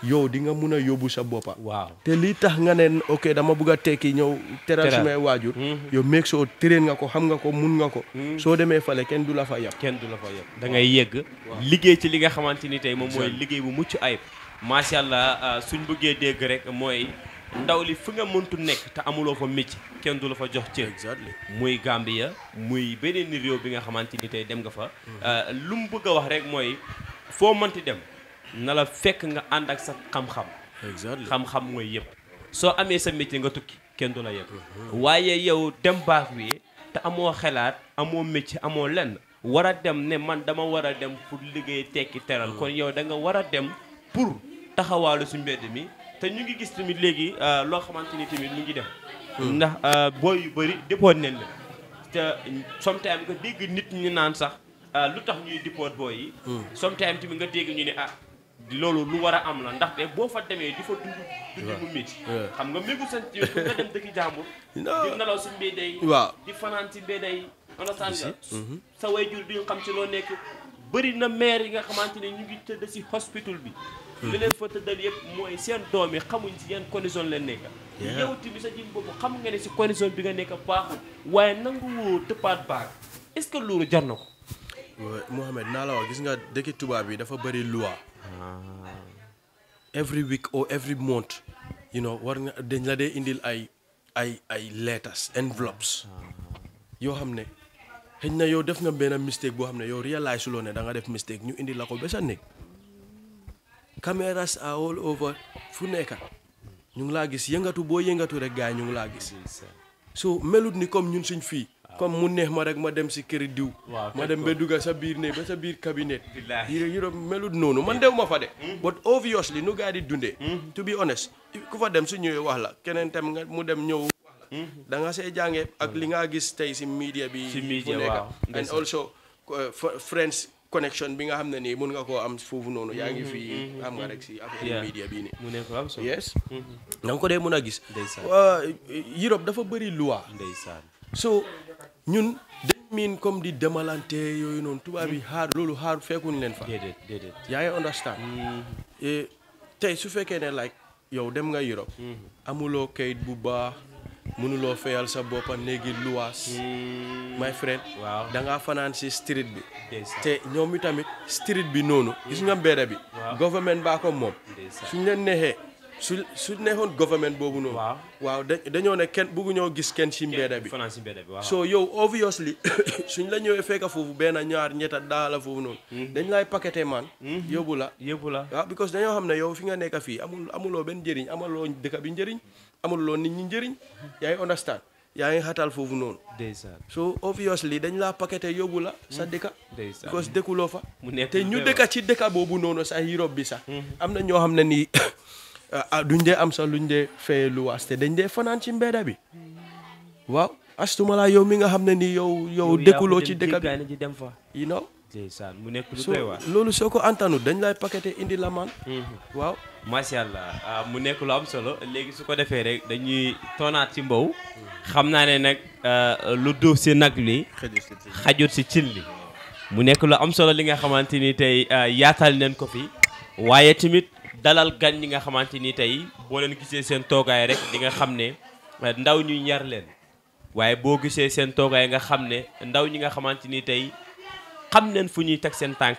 yow di nga mun a yóbbu sa boppa waaw te lii tax nga ne ok dama bëgg tekki ñëw teral sumay waajur yow meeg soo tëreen nga ko xam nga ko mun nga ko soo demee fale kenn du la fa yab kenn du la fa yab da ngay yegg liggéey ci li nga xamante ni tey moom mooy liggéey bu mucc ayib macha allah ah, suñ buggee dégg rek mooy ndaw li fi nga mëntu nekk te amuloo fa métier kenn du la fa jox cër muy Gambia muy beneen réew bi nga xamante ni tey dem nga fa euh, lu mu bëgg a wax rek mooy foo mënti dem na la fekk nga ànd ak sa xam-xam xam-xam mooy yëpp soo amee sa métier nga tukki kenn du la yëpp uh-huh. waaye yow dem baax wi te amoo xelaat amoo métier amoo lenn war a dem ne man dama war a dem pour liggéey tekki teral uh-huh. kon yow danga nga war a dem pour taxawaalu su mbedd mi te ñu ngi gis tamit léegi euh, loo xamante ni tamit mu ngi def hmm. ndax euh, booy yu bëri dépôt nen la te sometimes nga dégg nit ñi naan sax euh, lu tax ñu ñuy dépôt booy yi hmm. sometimes tamit nga dégg ñu ni ah loolu lu war a am la ndax de boo fa demee di fa dund dund mu métti xam nga mégu sant nga dem dëkk jàmbur di nalaw si mbéyday waaw di fanaan si mbéyday understand nga mm-hmm. sa way jur duñu xam ci loo nekk bëri na maire yi nga xamante ne ñu ngi tëdd si hospital bi li leen fa tëddal yëpp mooy seen doom yi xamuñ si ngeen condition leen nekk yow tamit sa jëm boobu xam nga ne si condition bi nga nekk baaxul waaye nangu woo tëppaat baax est-ce que loolu jar na ko Mouhamed naa la wax gis nga dëkki tubaab yi dafa bëri loi ah. every week or every month you know war nga dañ la dee indil ay ay ay letters envelopes ah. yoo xam ne xëy na yow def nga benn mistake boo xam ne yow réaliser loo ne danga nga def mistake ñu indi la ko ba sa néeg cameras are all over fu nekka ñu ngi laa gis yëngatu boo yëngatu rek gars yi ñu ngi laa gis so melut ni comme ñun suñ fii ah. comme mu neex ma rek ma dem si kër diw ma dem ba dugga sa biir néeg ba sa biir cabinet yu doon melut noonu man dew ma fa de hmm? but obviously nu gars di dundee hmm? to be honest ku fa dem su ñëwee wax la keneen tem nga mu dem ñëw danga la hmm? da see jàngee ak li ngaa gis tey si media bi fu nekka and also uh, friends connection bi nga xam ni mën nga ko am fofu nonu ya nga fi am nga rek ci media bini ni am so yes da nga ko day mëna gis Europe dafa bari loi ndeysaan so ñun dañ min comme di demalante yoy non tuba bi haar mhm. lolu haar fekkun len fa dedet dedet ya nga understand mhm. eh, tay su fekkee like yow dem nga Europe mhm. amulo kayit bu baax lo fayal sa bopa néegi luas, hmm. my friend wow da nga fanaan street bi te ñom tamit street bi nonu gis nga bi government ba ko mom suñu leen neexee su su government bobu noonu waaw dañu dañoo ken kenn ñoo gis kenn ci mbedda bi so yo obviously suñ la ñëwee fekka foofu benn ñaar ñetta daala foofu non hmm. dañ lay paqueté man hmm. yobula yobula because dañu xam ne yow fi nga nekk fi amul amulo ben jëriñ amaloo dëkk bi jëriñ amul loon nit ñi njëriñ yaa ngi understand yaa ngi xatal foofu noonu. ndeysaan so obviously dañu laa pakete yóbbu la sa hmm. dëkka. ndeysaan because dëkkuloo fa. te ñu dëkka ci dëkka boobu noonu sax Europe bi sax. Hmm. am na ñoo xam ne nii ah, ah, duñ dee am sax luñ dee fayee lu waas te dañ dee fanaan ci mbedda bi waaw astuma laa yow mi nga xam ne nii yow. yow dëkkuloo ci dëkka bi dem fa you ndeysaan mu nekk lu loolu soo ko antanu dañ lay paqueté indi la man mm-hmm. waaw macha allah ah, mu nekk lu am solo léegi su ko defee rek dañuy toonaat ci mbow xam naa ne nag ah, lu duuf si nag li xajut si cin li mu nekk lu am solo li nga xamante ni tey ah, yaatal leen ko fi waaye tamit dalal gan ñi nga xamante ni tey boo leen gisee seen toogaay rek li nga xam ne ndaw ñuy ñar leen waaye boo gisee seen toogaay nga xam ne ndaw ñi nga xamante ni tey xam nañ fu ñuy teg seen tànk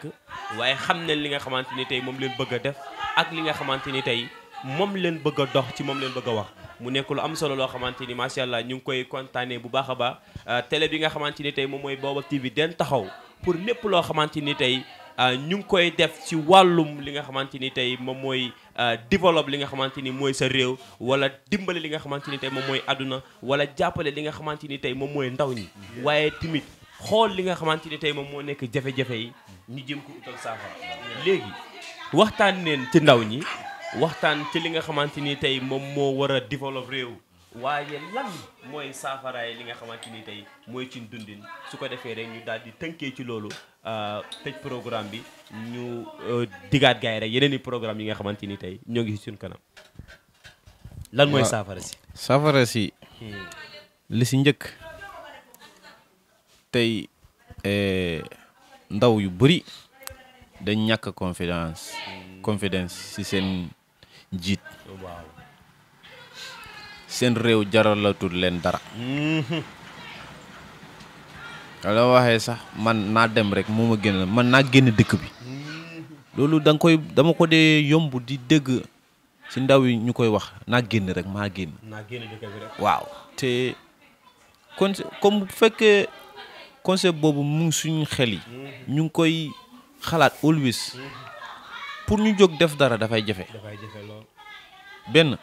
waaye xam nañ li nga xamante ni tey moom leen bëgg def ak li nga xamante ni tey moom leen bëgg dox ci moom leen bëgg a mu nekk lu am solo loo xamante ni macha allah ñu ngi koy kontaanee bu baax a baax euh, télé bi nga xamante ni tey moom mooy Baobab TV den taxaw pour lépp loo xamante ni tey euh, ñu ngi koy def ci wàllum li nga xamante ni tey moom mooy euh, développe li nga xamante ni mooy sa réew wala dimbale li nga xamante ni tey moom mooy àdduna wala jàppale li nga xamante ni tey moom mooy ndaw ñi mm-hmm. waaye timit xool li nga xamante ni tey moom moo nekk jafe-jafe yi ñu jëm ko utal saafara léegi waxtaan neen ci ndaw ñi waxtaan ci li nga xamante ni tey moom moo war a développer réew waaye lan mooy saafaraay li nga xamante ni tey mooy ci dundin su ko defee rek ñu daal di tënkee ci loolu euh, tëj programme bi ñu euh, digaat gars yi rek yeneen i programme yi nga xamante ni tey ñoo ngi si suñ kanam lan mooy saafara si saafara si hmm. li si njëkk tey eh, ndaw yu bëri dañ ñàkk confidence confidence ci seen njiit seen réew jaralatul leen dara wala waxee sax man naa dem rek moom a gën man naa génn dëkk bi loolu da koy dama ko dee yomb di dégg ci ndaw yi ñu koy wax naa génn rek maa génn waaw te comme fekkee concept boobu mu ngi suñu xel yi mm-hmm. ñu ngi koy xalaat always mm-hmm. pour ñu jóg def dara dafay jafe benn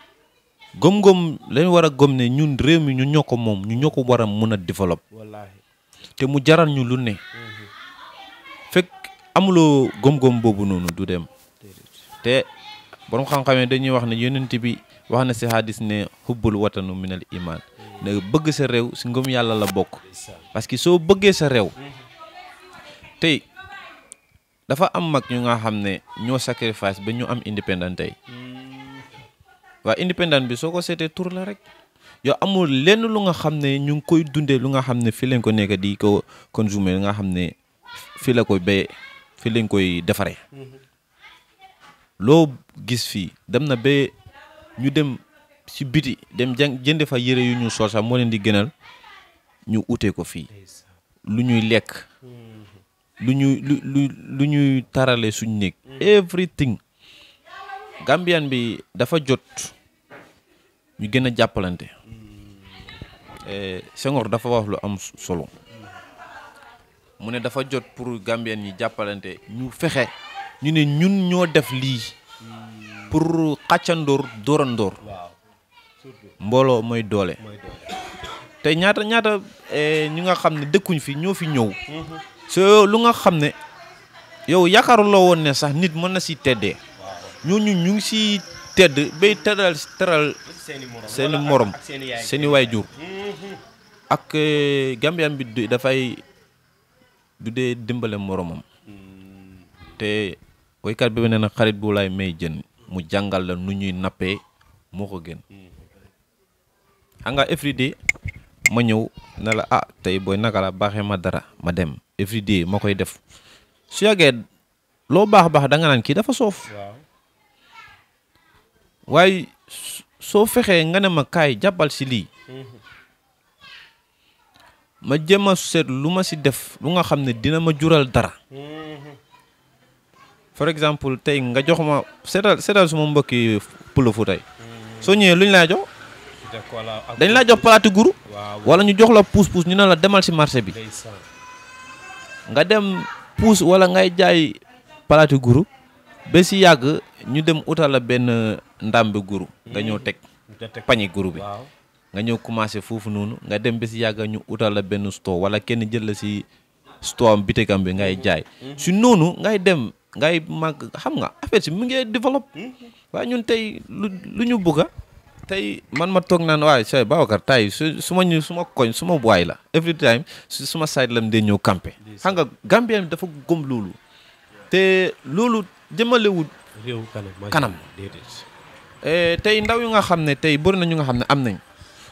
gom gëm lañ war a gëm ne ñun réew mi ñu ñoo ko moom ñu ñoo ko war a mën a développer te mu jaral ñu lu ne mm-hmm. fekk amuloo gëm-gëm boobu noonu du dem te boroom xam-xamee dañuy wax ne yonent bi wax na si hadis ne xubbul watanu minal imaan da bëgg sa réew si ngëm yàlla la bokk parce que soo bëggee sa réew tey dafa am mag ñu nga xam ne ñoo sacrifice ba ñu am indépendant tey waa indépendant bi soo ko seetee tur la rek yow amul lenn lu nga xam ne ñu ngi koy dundee lu nga xam ne fii lañ ko nekk di ko consommer lu nga xam ne fi la koy béyee fi lañ koy defaree mm-hmm. loo gis fii dem na ba ñu dem si biti dem jàng jënd fa yére yu ñu sol sax moo leen di gënal ñu ute ko fii lu ñuy lekk lu ñuy lu lu ñuy tarale suñ néeg everything Gambian bi dafa jot ñu gën a jàppalante eh, Senghor dafa wax lu am solo mu ne dafa jot pour Gambien yi jàppalante ñu fexe ñu ne ñun ñoo def lii pour xàccandoor doorandoor mbolo moy doole te ñaata ñaata eh, ñu nga xamne ne fi ñofi ñew mhm. so lu nga xamne ne yakaru lo won ne sax nit mëna na si ñu ñu ñu ngi si tedd bay teral teral seen i morom seen wayjur ak mhm. eh, gambian bi fay du de dimbalé moromam mhm. te kat bi wéné na xarit bu lay may jeun mu jangal la nu ñuy nappé moko gën nga everyday ma ñew na la ah tay boy naka la baxé ma dara ma dem everyday ma koy def su yàggee ya, lo bax bax da nga nan ki dafa sof waay so fexé nga ne ma kay jabal ci li mm-hmm. ma jema set lu def lu nga xam dina ma jural dara mm-hmm. for example, tay nga jox ma setal setal suma mbokk pulu fu tay so ñëwee luñ la jox dañ laa jox palaati guru wala ñu jox la puus puus ñu ne la demal si marché bi nga dem puus wala ngay jaay palaati guru ba ci yàgg ñu dem utal a benn ndàmbi guru nga ñëw teg pañi guru bi nga ñëw commencé foofu noonu nga dem ba ci yàgg ñu utal a benn store wala kenn jël la si store am bitigam bi ngay jaay ci mhm. noonu ngay dem ngay màgg xam nga affaire ci mu ngi développe mhm. waaye ñu tey lu ñu bëgga tey man ma toog naan waaye say Babacar su su ma ñu suma ma koñ su waay la every time su ma side lam dee ñëw campé xam nga Gambien dafa gëm loolu te loolu jëmalewul réew kanam eh, tey ndaw yu nga xam ne tey bëri na ñu nga xam ne am nañ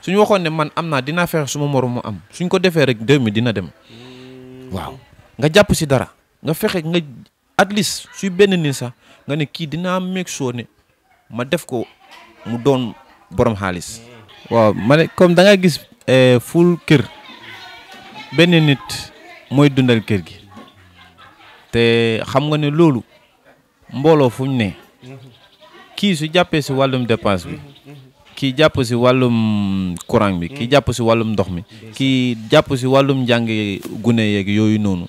suñu waxoon ne man am naa dinaa fexe suma moroom mu am suñ ko defee rek deux mi dina dem hmm. waaw nga jàpp si dara nga fexe nga at least suy benn nii sax nga ne kii dinaa make sure ne ma def ko mu doon boroom xaalis. waaw ma comme da nga gis eh, ful kër benn nit mooy dundal kër gi te xam nga ne loolu mbooloo fu ñu ne kii su jàppee si wàllum dépense bi kii jàpp si wàllum courant bi kii jàpp si wàllum ndox mi kii jàpp si wàllum njàng gune yeeg yooyu noonu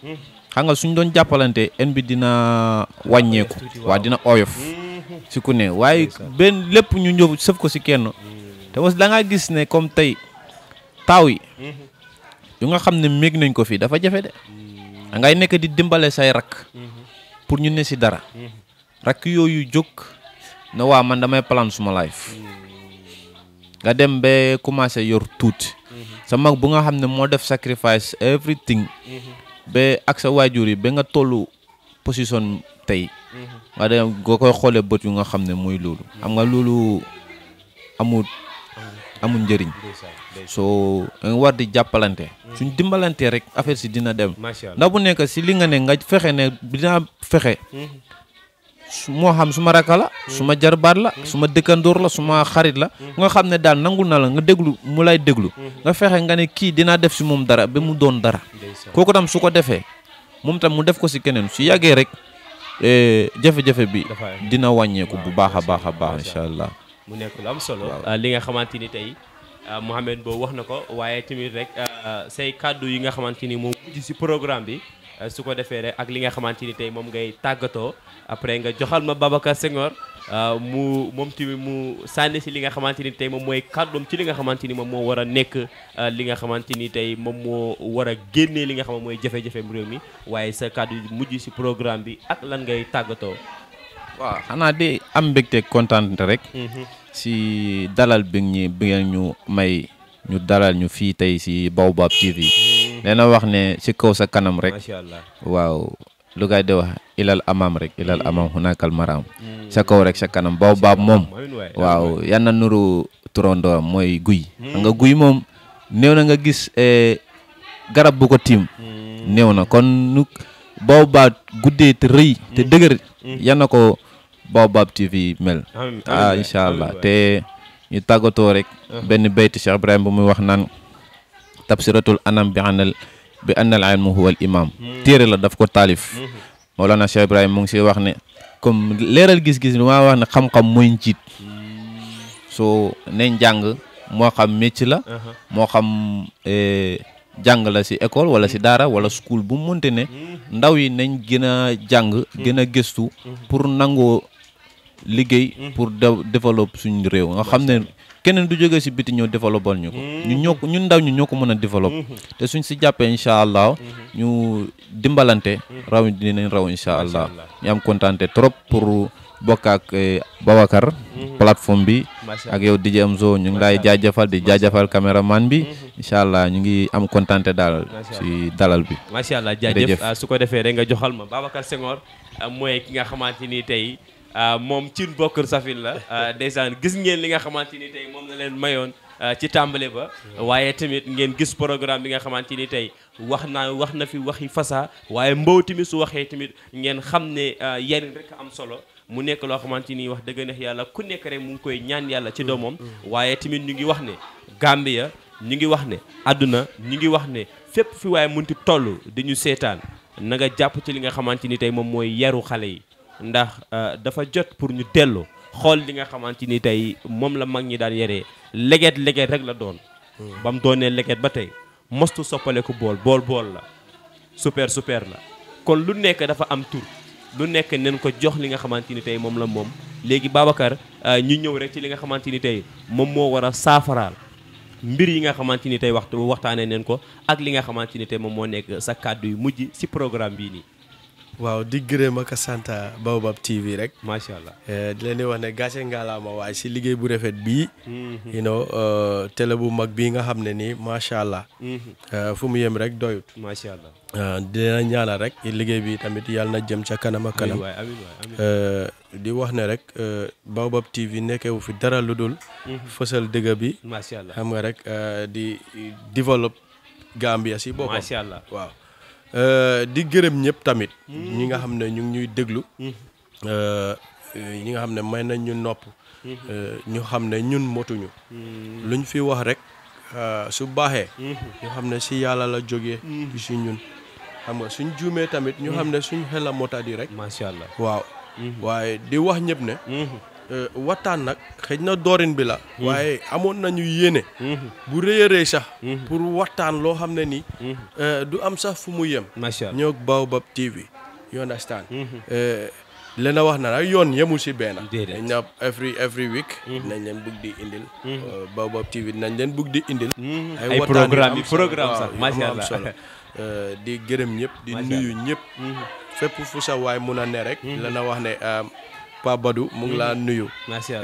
xam nga suñ doon jàppalante en bi dina wàññeeku waa dina oyof. si ku ne waye ben lepp ñu ñëw sëf ko ci kenn te was da nga gis ne comme tay taw yi yu nga xamne ne nañ ko fi dafa jafe de nga nekk di dimbale say rak pour ñu ne ci dara rak yoyu juk na wa man damay plan suma life nga dem be commencer yor tout sa mag bu nga xamne ne def sacrifice everything be ak sa wajuri be nga tollu position mm nga dem go koy xolé bët yu nga xamné moy so xam nga lolu amul amul njëriñ so en war di jappalanté suñ dimbalanté rek affaire ci dina dem ndax bu nekk ci li nga ne nga fexé ne dinaa fexe mo xam suma rakala suma jarbar la suma dëkkandoor la suma xarit la nga dal la nga mu lay nga fexé nga ne ki dina def ci mom dara ba mu doon dara koku tam su ko defee tam mu def ko ci kenen su yagge rek Eh, jafe-jafe bi dina wàññeeku bu baax a baax a baax incha allah mu nekk lu am solo ah, li nga xamante ni tey ah, Mouhamed boobu wax na ko waaye tamit rek ah, say kàddu yi nga xamante ni moom mujj si programme bi su ko defee rek ak li nga xamante ni tey moom ngay tàggatoo après nga joxal ma Babacar Senghor Euh, mu moom tamit mu sànni si li nga xamante ni tey moom mooy kàddoom ci li nga xamante ni moom moo war a nekk euh, li xamante ni tey moom moo war a génnee li nga xam mooy jafe-jafe réew mi waaye sa kàddu mujj si programme bi ak lan ngay tàggatoo. waaw xanaa de am mbégte kontaan rek. Mhm. si dalal bi ñi ngeen ñu may ñu dalal ñu fii tey si Baobab TV. nee mhm. na wax ne si kaw sa kanam rek. macha allah waaw lu gaay di wax. ilal amam rek ilal hmm. amam hunakal maram hmm. sa ko rek sa kanam baobab mom. waaw yan nuru turondo moy guuy hmm. nga guuy mom newna nga gis e, garab bu ko tim newna kon nu baobab guddee ah, te reuy te dëgër baobab tv mel ah inshallah, te ñu tagoto rek uh-huh. ben beyt cheikh ibrahim bu muy wax nan tafsiratul anam bi anal bi anal ilmu huwa al imam tere la daf ko talif Mawlana Cheikh Ibrahima mu ngi siy wax ne comme leeral gis-gis bi maa wax ne xam-xam mooy njiit soo nañ njàng moo xam métier la uh-huh. moo xam e, jàng la si école wala si daara wala school bu mu mënte ne mm-hmm. ndaw yi nañ gën a jàng mm-hmm. gën a gëstu mm-hmm. pour nangoo liggéey pour développer suñu réew nga xam ne keneen du jóge si biti ñëw développé ñu ko. Mm-hmm. ñun ñoo ñun ndaw ñu ñoo ko mën a développé. Mm-hmm. te suñ si jàppee incha allah. Mm-hmm. ñu dimbalante. raw dinañ raw incha allah. ñu am kontaan trop pour bokk ak eh, Babacar. plateforme bi. ak yow DJ Amzo ñu ngi laay jaajëfal di jaajëfal caméraman bi. incha allah ñu ngi am kontaan daal. si dalal bi. macha allah jaajëf ah, su ko defee rek nga joxal ma Babacar Senghor ah, mooy ki nga xamante ni tey. Euh, moom cin bokkër safin la euh, ndeysaan gis ngeen li nga xamante ni tey moom la leen mayoon euh, ci tàmbale ba waaye tamit ngeen gis programme bi nga xamante ni tey wax naa wax na fi waxi fasaa waaye mbow tamit su waxee tamit ngeen xam ne yarin rek am solo mu nekk loo xamante ni wax dëgg neex yàlla ku nekk rek mu ngi koy ñaan yàlla ci doomam mm, mm. waaye tamit ñu ngi wax ne Gambia ñu ngi wax ne àdduna ñu ngi wax ne fépp fi waaye mun munti toll di ñu seetaan na nga jàpp ci li nga xamante ni tey moom mooy yaru xale yi ndax euh, dafa jot pour ñu dellu xool li nga xamante ni tey moom la mag ñi daan yaree leget leget rek la doon. Hmm. ba mu doonee leget ba tey mostu soppaleku bool bool bool la super super la kon lu nekk dafa am tur lu nekk nen ko jox li nga xamante ni tey moom la moom. léegi Babacar euh, ñu ñëw rek ci li nga xamante ni tey moom moo war a saafaraal mbir yi nga xamante ni tey waxtu waxtaanee neen ko ak li nga xamante ni tey moom moo nekk sa kàddu yu mujj si programme bii nii. waaw di gërëm ak sant Baobab TV rek. macha allah eh, di leen di wax ne gàcce ngalaama waaye si liggéey bu rafet bii. Mm-hmm. you know eh, télé bu mag bi nga xam ne nii macha allah. Mm-hmm. Eh, fu mu yem rek doyut. macha allah dina ñaanal rek. liggéey bi tamit yàlla na jëm ca kanam ak kanam. di wax ne rek Baobab TV nekkewu fi dara lu dul. Mm-hmm. fësal dëgg bi. macha allah xam nga rek di développe Gambia si boppam. waaw. Euh, di gërëm ñëpp tamit. Mm-hmm. ñi nga xam ne ñu ngi ñuy déglu. Mm-hmm. Euh, ñi nga xam ne may nañ ñu nopp. Mm-hmm. Euh, ñu xam ne ñun motuñu. luñ fi wax rek su baaxee. ñu xam ne si yàlla la jógee. si ñun xam nga suñ juumee tamit. ñu xam ne suñ xel a rek. macha allah waaw. waaye di wax ñëpp ne. Euh, waxtaan nag xëj na doorin bi la. Hmm. waaye amoon nañu yéene. Hmm. bu rëy rëy sax. Hmm. pour waxtaan loo xam ne ni euh, du am sax fu mu yem. macha allah ñoo Baobab TV you understand. Euh, leen wax na nag yoon yemul si benn. déedéet nañ na every every week. nañ leen bugg di indil. Baobab TV nañ leen bugg di indil. ay programme yi programme sax di gërëm ñëpp. di nuyu ñëpp. fépp fu sa waay mun a ne rek. la wax ne. Pape Badou mu ngi laa nuyu. macha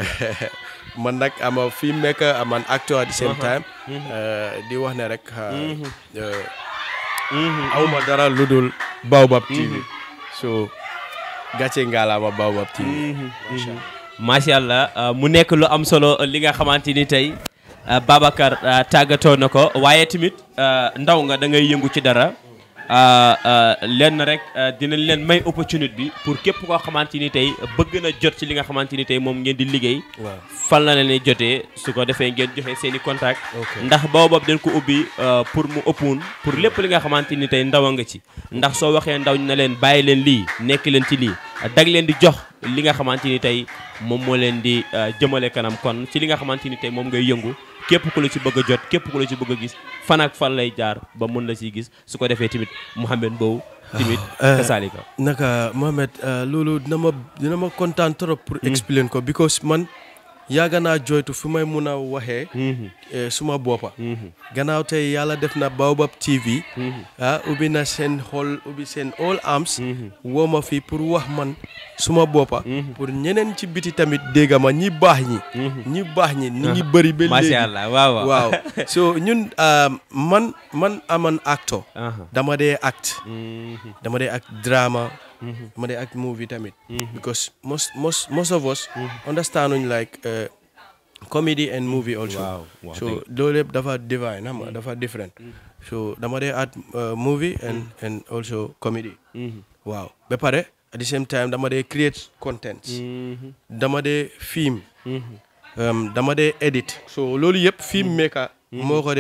man nag ama fi maker aman actor at the same uh-huh. time. Mm-hmm. Uh, di wax ne rek. Mm-hmm. Uh, mm-hmm. awma dara lu dul Baobab TV. so gàcce ngaalaama Baobab TV. macha allah uh, mu nekk lu am solo li nga xamante ni tey Babacar tàggatoo na ko waaye tamit ndaw nga da ngay yëngu ci dara. Euh, euh, lenn rek euh, dinañ leen may opportunité bi pour képp koo xamante ni tey bëgg na jot ci li nga xamante ni tey moom ngeen di liggéey. waaw fan la leen jotee su ko defee ngeen joxe seen i contact ndax baobab dañ ko ubbi pour mu ëppoon pour lépp li nga xamante ni tey ndaw a nga ci. ndax soo waxee ndaw ñu ne leen bàyyi leen lii nekk leen ci lii dag leen di jox li nga xamante ni tey moom moo leen di jëmale kanam kon ci li nga xamante ni tey moom ngay yëngu. képp ku la ci bëgg a jot képp ku la ci bëgg a gis fan ak fan lay jaar ba mën la siy gis su ko defee tamit Mouhamed Mbow timit kasaalika ah, ah, naka Mohamed euh, loolu dina ma dina ma kontaan trop pour hmm. expliquer ko because man yàgg naa joytu fi may mun a waxee mhm. eh, suma boppa mhm. gannaaw tey yàlla def na Baobab TV mhm. ah ubbi na seen xool ubbi seen all arms woo ma fii pour wax man suma boppa pour ñeneen ci biti tamit dégg ma ñi baax ñi ñi baax ñi ni ngi bëri ba léegi macha allah waaw waaw so ñun ah, man man aman acto uh-huh. dama dee dama dee act drama ma mm-hmm. act ak movie tamit mm-hmm. because most most most of us mm-hmm. understand uñ like uh, comedy and movie also so loolu dafa divine dafa different so dama dee at movie and and also comedy Wow. But pare at the same time dama dee create content dama dee film dama dee um, edit so loolu yep, film maker moo ko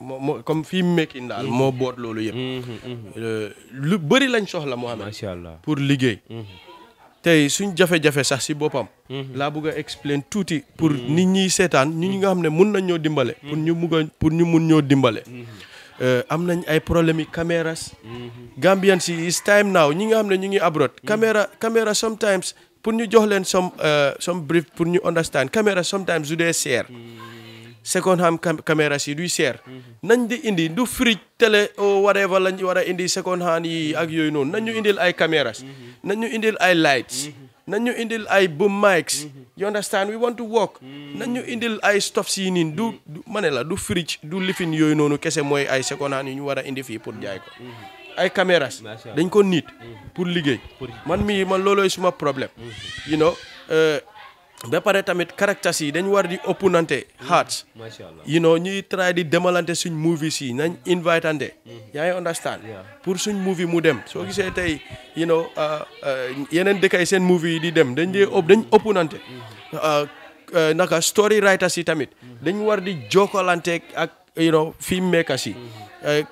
moo moo comme film making daal moo boot loolu yëpp. Mm-hmm. Euh, lu bëri lañ soxla Mohamed. macha allah pour liggéey. Mm-hmm. tey suñ jafe-jafe sax si boppam. Mm-hmm. laa bëgg a explain tuuti. pour nit ñi seetaan ñu ñi nga xam ne mun nañ ñoo dimbale. pour ñu mun a pour ñu mun ñoo dimbale. Euh, am nañ ay problème yi caméras. Gambian si is time now ñi nga xam ne ñu ngi abroad. caméra caméra sometimes pour ñu jox leen some euh, some brief pour ñu understand caméra sometimes du dee seer. second hand cam caméras yi duy seer. nañ di indi du fridge télé o oh, whatever lañ war a indi second hand yi ak yooyu noonu nañ indil ay caméras. nañ ñu indil ay lights. nañ ñu indil ay boom mics. you understand we want to work. nañ ñu indil ay stuff yi niin du ma la du fridge du lifin yooyu noonu kese mooy ay second hand yu ñu war a indi fii pour jaay ko. ay caméras dañ ko nit pour liggéey. man mii man loolooy suma problème. Euh, ba pare tamit caractères yi dañu war di ëppnante hearts you know ñuy try di demalante suñ movies yi nañ invitante mm-hmm. yaa ngi understand pour suñ movie mu dem soo gisee tey you know uh, uh, yeneen dëkk yi seen movie yi di dem dañ dee ëpp dañ ëppnante mm-hmm. uh, naka story writers yi tamit mm-hmm. dañ war di jokalante ak you fi filmmakers yi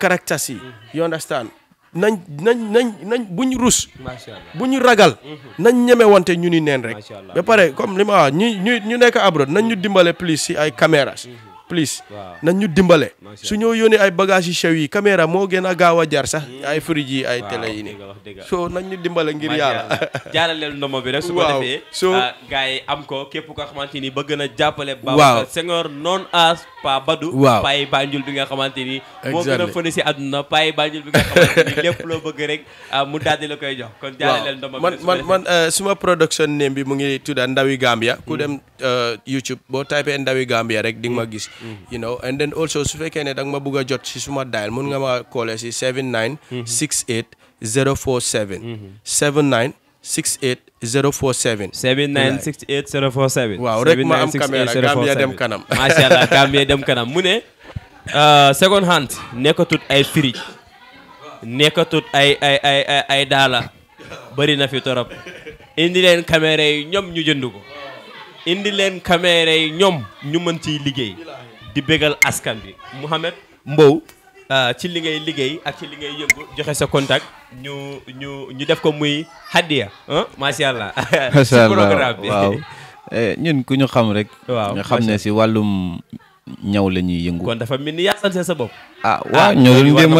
caractères yi you understand nañ nañ nañ nañ buñ rus. macha allah buñ ragal. Mhm. nañ ñeme wante ñu ni neen rek. macha allah ba pare comme li ma wax ñi ñu ñu nekk abroad nañ ñu dimbale plus si ay caméras. Mhm. please nañ ñu dimbale su ñoo yónnee ay bagages yu sew yi caméra moo gën a gaaw a jar sax mhm. ay fridge yi ay télé yi nii so nañ ñu dimbale ngir yàlla jaaraleel ndomo bi rek su ko defee so ah, yi am ko képp ko xamante ni bëgg na jàppale Babacar Senghor non as Pa Badou. waaw Paye Banjul bi nga xamante ni. moo gën a fële si àdduna Paye Banjul bi nga xamante ni lépp loo bëgg rek ah, mu daal la koy jox. kon jaaree leen ndomba man man man euh, suma production name bi mu ngi tudd Ndawi Gambia. ku hmm. dem euh, YouTube boo typee Ndawi Gambia rek di nga ma hmm. gis. Hmm. you know and then also su fekkee ne da nga ma bëgg a jot si suma dial mun nga ma koolee si 79. 68 047. 79. 68 047. 79 68 047. waaw rek ma am caméra Gambia dem kanam. macha allah Gambia dem kanam mu ne. Euh, second hand nekkatut ay firij nekkatut ay ay ay ay daala bëri na fi torop indi leen caméra yi ñoom ñu jënd ko indi leen caméra yi ñoom ñu mën ciy liggéey di bégal askan bi Mouhamed Mbow. Euh, ci li ngay liggéey ak ci li ngay yëngu joxe sa contact ñu ñu ñu def ko muy hadiya macha allah. macha allah waaw eh, ñun ku ñu xam rek. ñu xam ne si wàllum ñaw la yang yëngu kon dafa mel ni yaa sant sa bopp ah waaw ñoo doon jéem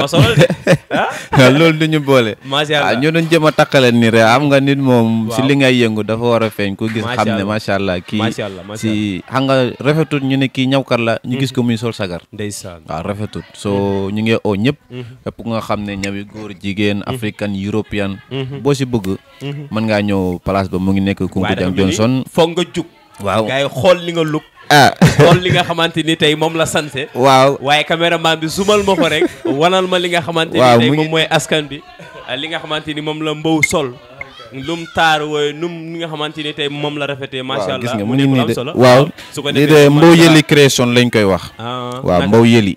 a loolu duñu boole macha allah ñoo doon jéem a takkaleen ni rek am nga nit moom si li ngay yëngu dafa wara a feeñ ku gis xam ma macha allah ki si xam nga rafetut ñu ne kii ñawkat la ñu gis mm-hmm. ko muy sol sagar ndeysaan waaw ah, rafetut so ñu mm-hmm. ngi o ñëpp képp mm-hmm. nga xam ne ñawi góor jigen african european bo si bëgg man ngaa ñëw place ba mu ngi nekk Kunku Jam Johnson foog nga juk waaw ngay xool li nga lug ah loolu li nga xamante ni tey moom la sanse waaw waaye caméraman bi zumal ma ko rek wanal ma li nga xamante ni moom mooy askan bi ah, li nga xamante ni moom la mbow sol lum taar wooyu num li nga xamante ni tey moom la rafetee macha allah mu nekk am solo waaw lii de mbow yëli création lañ koy wax ah, waaw mbow yëli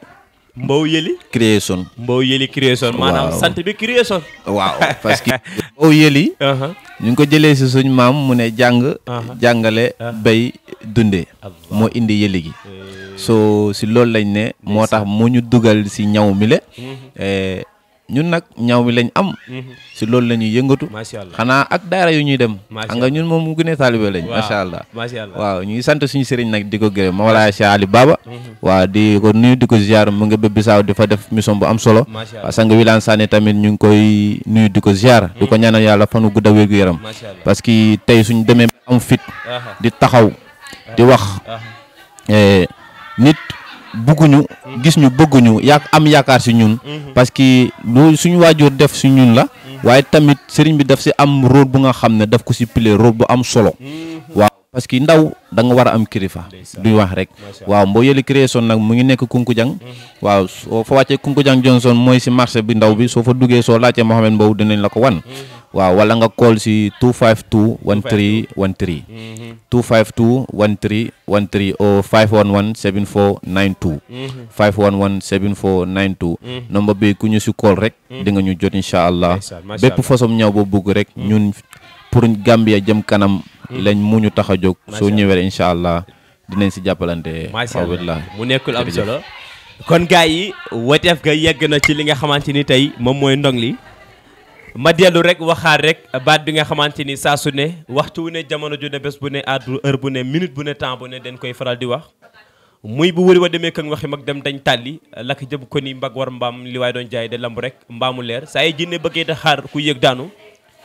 Mbow Yeli. Création. Mbow Yeli Création. waaw maanaam sant bi Création. waaw parce que. Mbow Yeli. Uh-huh. ñu ngi ko jëlee si suñ maam mu ne jàng. Uh-huh. jàngale uh-huh. bay dundee. moo indi yëli gi. Eh. so si loolu lañ ne. moo tax moo ñu dugal si ñaw mi le mm-hmm. eh, ñun nag ñaw mi lañ am. Mhm. si loolu la ñuy yëngatu. macha allah xanaa ak daara yu ñuy dem. macha allah nga ñun moom mu gënee taalibe lañ. macha allah ma allah waaw ñu ngi sant suñu sëriñ nag di ko Ali Baba. Mhm. waaw di ko nuyu di ko ziar mu ngi bépp bisaaw di fa def mission bu am solo. macha allah sang Wilane Sané tamit ñu koy nuyu di ko ziar. di ko mhm. ñaanal yàlla fanu gudda wér gu yaram. parce que tey suñu demee am fit. di taxaw di wax eh, nit. bëgguñu gis ñu bëgguñu yaa am yaakaar si ñun mhm. parce que lu suñu waajur def si ñun la mhm. waaye tamit sëriñ bi daf si am rôle bu nga xam ne daf ko si pile rôle bu am solo mhm. waaw parce que ndaw da nga war a am kilifa duñ wax rek waaw Mboyeli Création nag mu ngi nekk Kunkujang waaw soo fa wàccee Kunkujang Johnson mooy si marché bi ndaw bi soo fa duggee soo laajtee Mohamed Mbow dinañ la ko wan waaw wala nga call si 252 13 13 252 13 13 o 511 7492 511 7492 nomba bi ku ñu si call rek mm-hmm. di nga ñu jot incha allah bépp façon ñaw boo bëgg rek mm-hmm. ñu pour Gambia jëm kanam mm-hmm. lañ mu ñu tax a jóg soo ñëwee incha allah dinañ si jàppalante awillah mu nekkul am solo kon gars yi wateef ga yegg na ci li nga xamante ni tey moom mooy ndong li ma dellu rek waxaat rek baat bi nga xamante ni saa su ne waxtu wu ne jamono ju ne bés bu ne àddu heure bu ne minute bu ne temps bu ne dañ koy faral di wax muy bu wëri wa demee këng waxi mag dem dañ tàlli lakk jëb ko ni mbag war mbaam li waaye doon jaay de lamb rek mbaamu leer saa yi jinne bëggee da xaar ku yëg daanu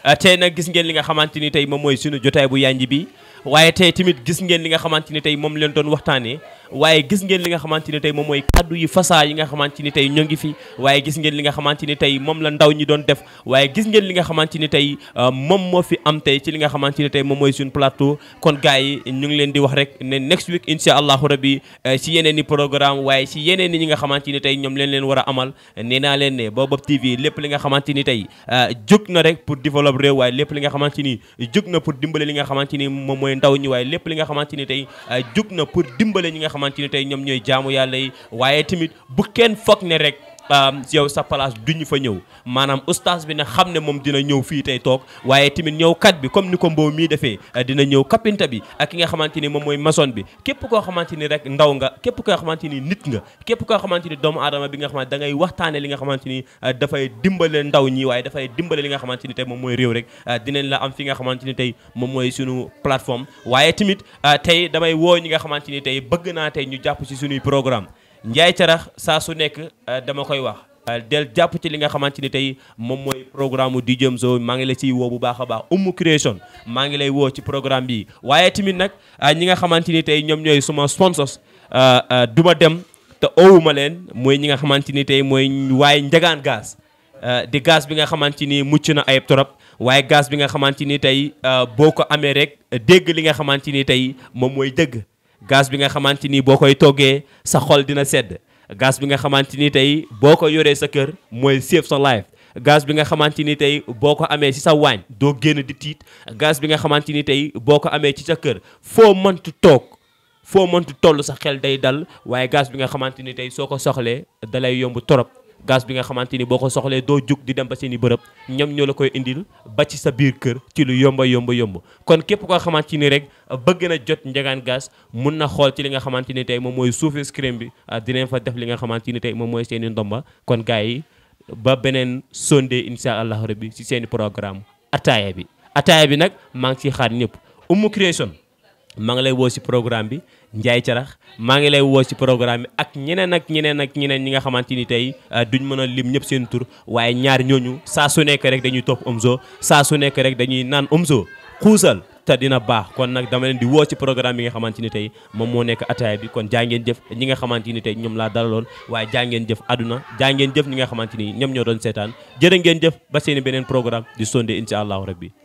ah, tey nag gis ngeen li nga xamante ni tey moom mooy suñu jotaay bu yanj bi waaye tey tamit gis ngeen li nga xamante ni tey moom leen doon waxtaanee waaye gis ngeen li nga xamante ni tey moom mooy kàddu yi fasaa yi nga xamante ni tey ñoo ngi fi waaye gis ngeen li nga xamante ni tey moom la ndaw ñi doon def waaye gis ngeen li nga xamante ni tey moom moo fi am tey ci li nga xamante ni tey moom mooy suñu plateau kon gars yi ñu ngi leen di wax rek ne next week incha allahu rabi si yeneen i programme waaye si yeneen ni ñi nga xamante ni tey ñoom leen leen war a amal nee naa leen ne Baobab TV lépp li nga xamante ni tey jóg na rek pour développer réew waaye lépp li nga xamante ni jóg na pour dimbale li nga xamante ni moom mooy ndaw ñi waaye lépp li nga xamante ni tey jóg na pour dimbale ñi nga xamante ni tey ñoom ñooy jaamu yàlla yi waaye tamit bu kenn foog ne rek Ehm, yow sa du ñu fa ñëw maanaam ustaas bi ne xam ne moom dina ñëw fii tey toog waaye tamit ñëw kat bi comme ni ko mboo mii defee eh, dina ñëw kapinta bi ak ki nga xamante ni moom mooy maçon bi képp koo xamante ni rek ndaw nga képp koo xamante ni nit nga képp koo xamante ni doomu aadama bi nga xamante da ngay waxtaane li nga xamante ni eh, dafay dimbale ndaw ñi waaye dafay dimbale li nga xamante ni tey moom mooy réew rek eh, dinañ la am fi nga xamante ni tey moom mooy suñu plateforme waaye tamit tey damay woo ñi nga xamante ni tey bëgg naa tey ñu jàpp ci suñuy programme Ndiaye Thiarakh saa su nekk euh, dama koy wax. Euh, del jàpp ci li nga xamante ni tey moom mooy programme mu jëm Omzo maa ngi la ciy woo bu baax a baax Oumou Création maa ngi lay woo ci programme bi waaye tamit nag euh, ñi nga xamante ni tey ñoom ñooy suma sponsors du ma dem te owuma leen mooy ñi nga xamante ni tey mooy waaye njagaan gaz di gaz bi nga xamante ni mucc na ay trop waaye gaz bi nga xamante ni tey boo ko amee rek dégg li nga xamante ni tey moom mooy dëgg. gaz bi nga xamante ni boo koy toggee sa xol dina sedd gaz bi nga xamante ni tey boo ko yoree sa kër mooy save sa life gaz bi nga xamante ni tey boo ko amee ci sa waañ doo génn di tiit gaz bi nga xamante ni tey boo ko amee ci sa kër foo mëntu toog foo mëntu toll sa xel day dal waaye gaz bi nga xamante ni tey soo ko soxlee dalay yomb torop gas bi nga xamanteni boko soxle do juk di dem ba seni beurep ñom ñoo koy indil ba ci sa biir kër ci lu yomba yomba yomb kon kep ko xamanteni rek ah, bëgg na jot ñegan gaz mun na xol ci li nga xamanteni tay mom moy mooy scream bi ah, di neen fa def li nga xamanteni tay mom moy seni ndomba kon gaay babenen ba benen sondé insha allah rabbi ci seni programme ataya bi ataya bi nak ma ngi ci xaar ñep umu creation ma ngi lay wo ci programme bi Ndiaye Carax maa ngi lay woo ci programme bi ak ñeneen ak ñeneen ak ñeneen ñi nga xamante ni tey euh, duñ mën a lim ñëpp seen tur waaye ñaar ñooñu saa su nekk rek dañuy topp Omzo saa su nekk rek dañuy naan Omzo xuusal te dina baax kon nag dama leen di woo ci programme bi nga xamante ni tey moom moo nekk ataaya bi kon jaa ngeen jëf ñi nga xamante ni tey ñoom laa dalaloon waaye jaa ngeen jëf àdduna jaa ngeen jëf ñi nga xamante ni ñoom ñoo doon seetaan jërë ngeen jëf ba seen beneen programme di sonde incha allahu rabbi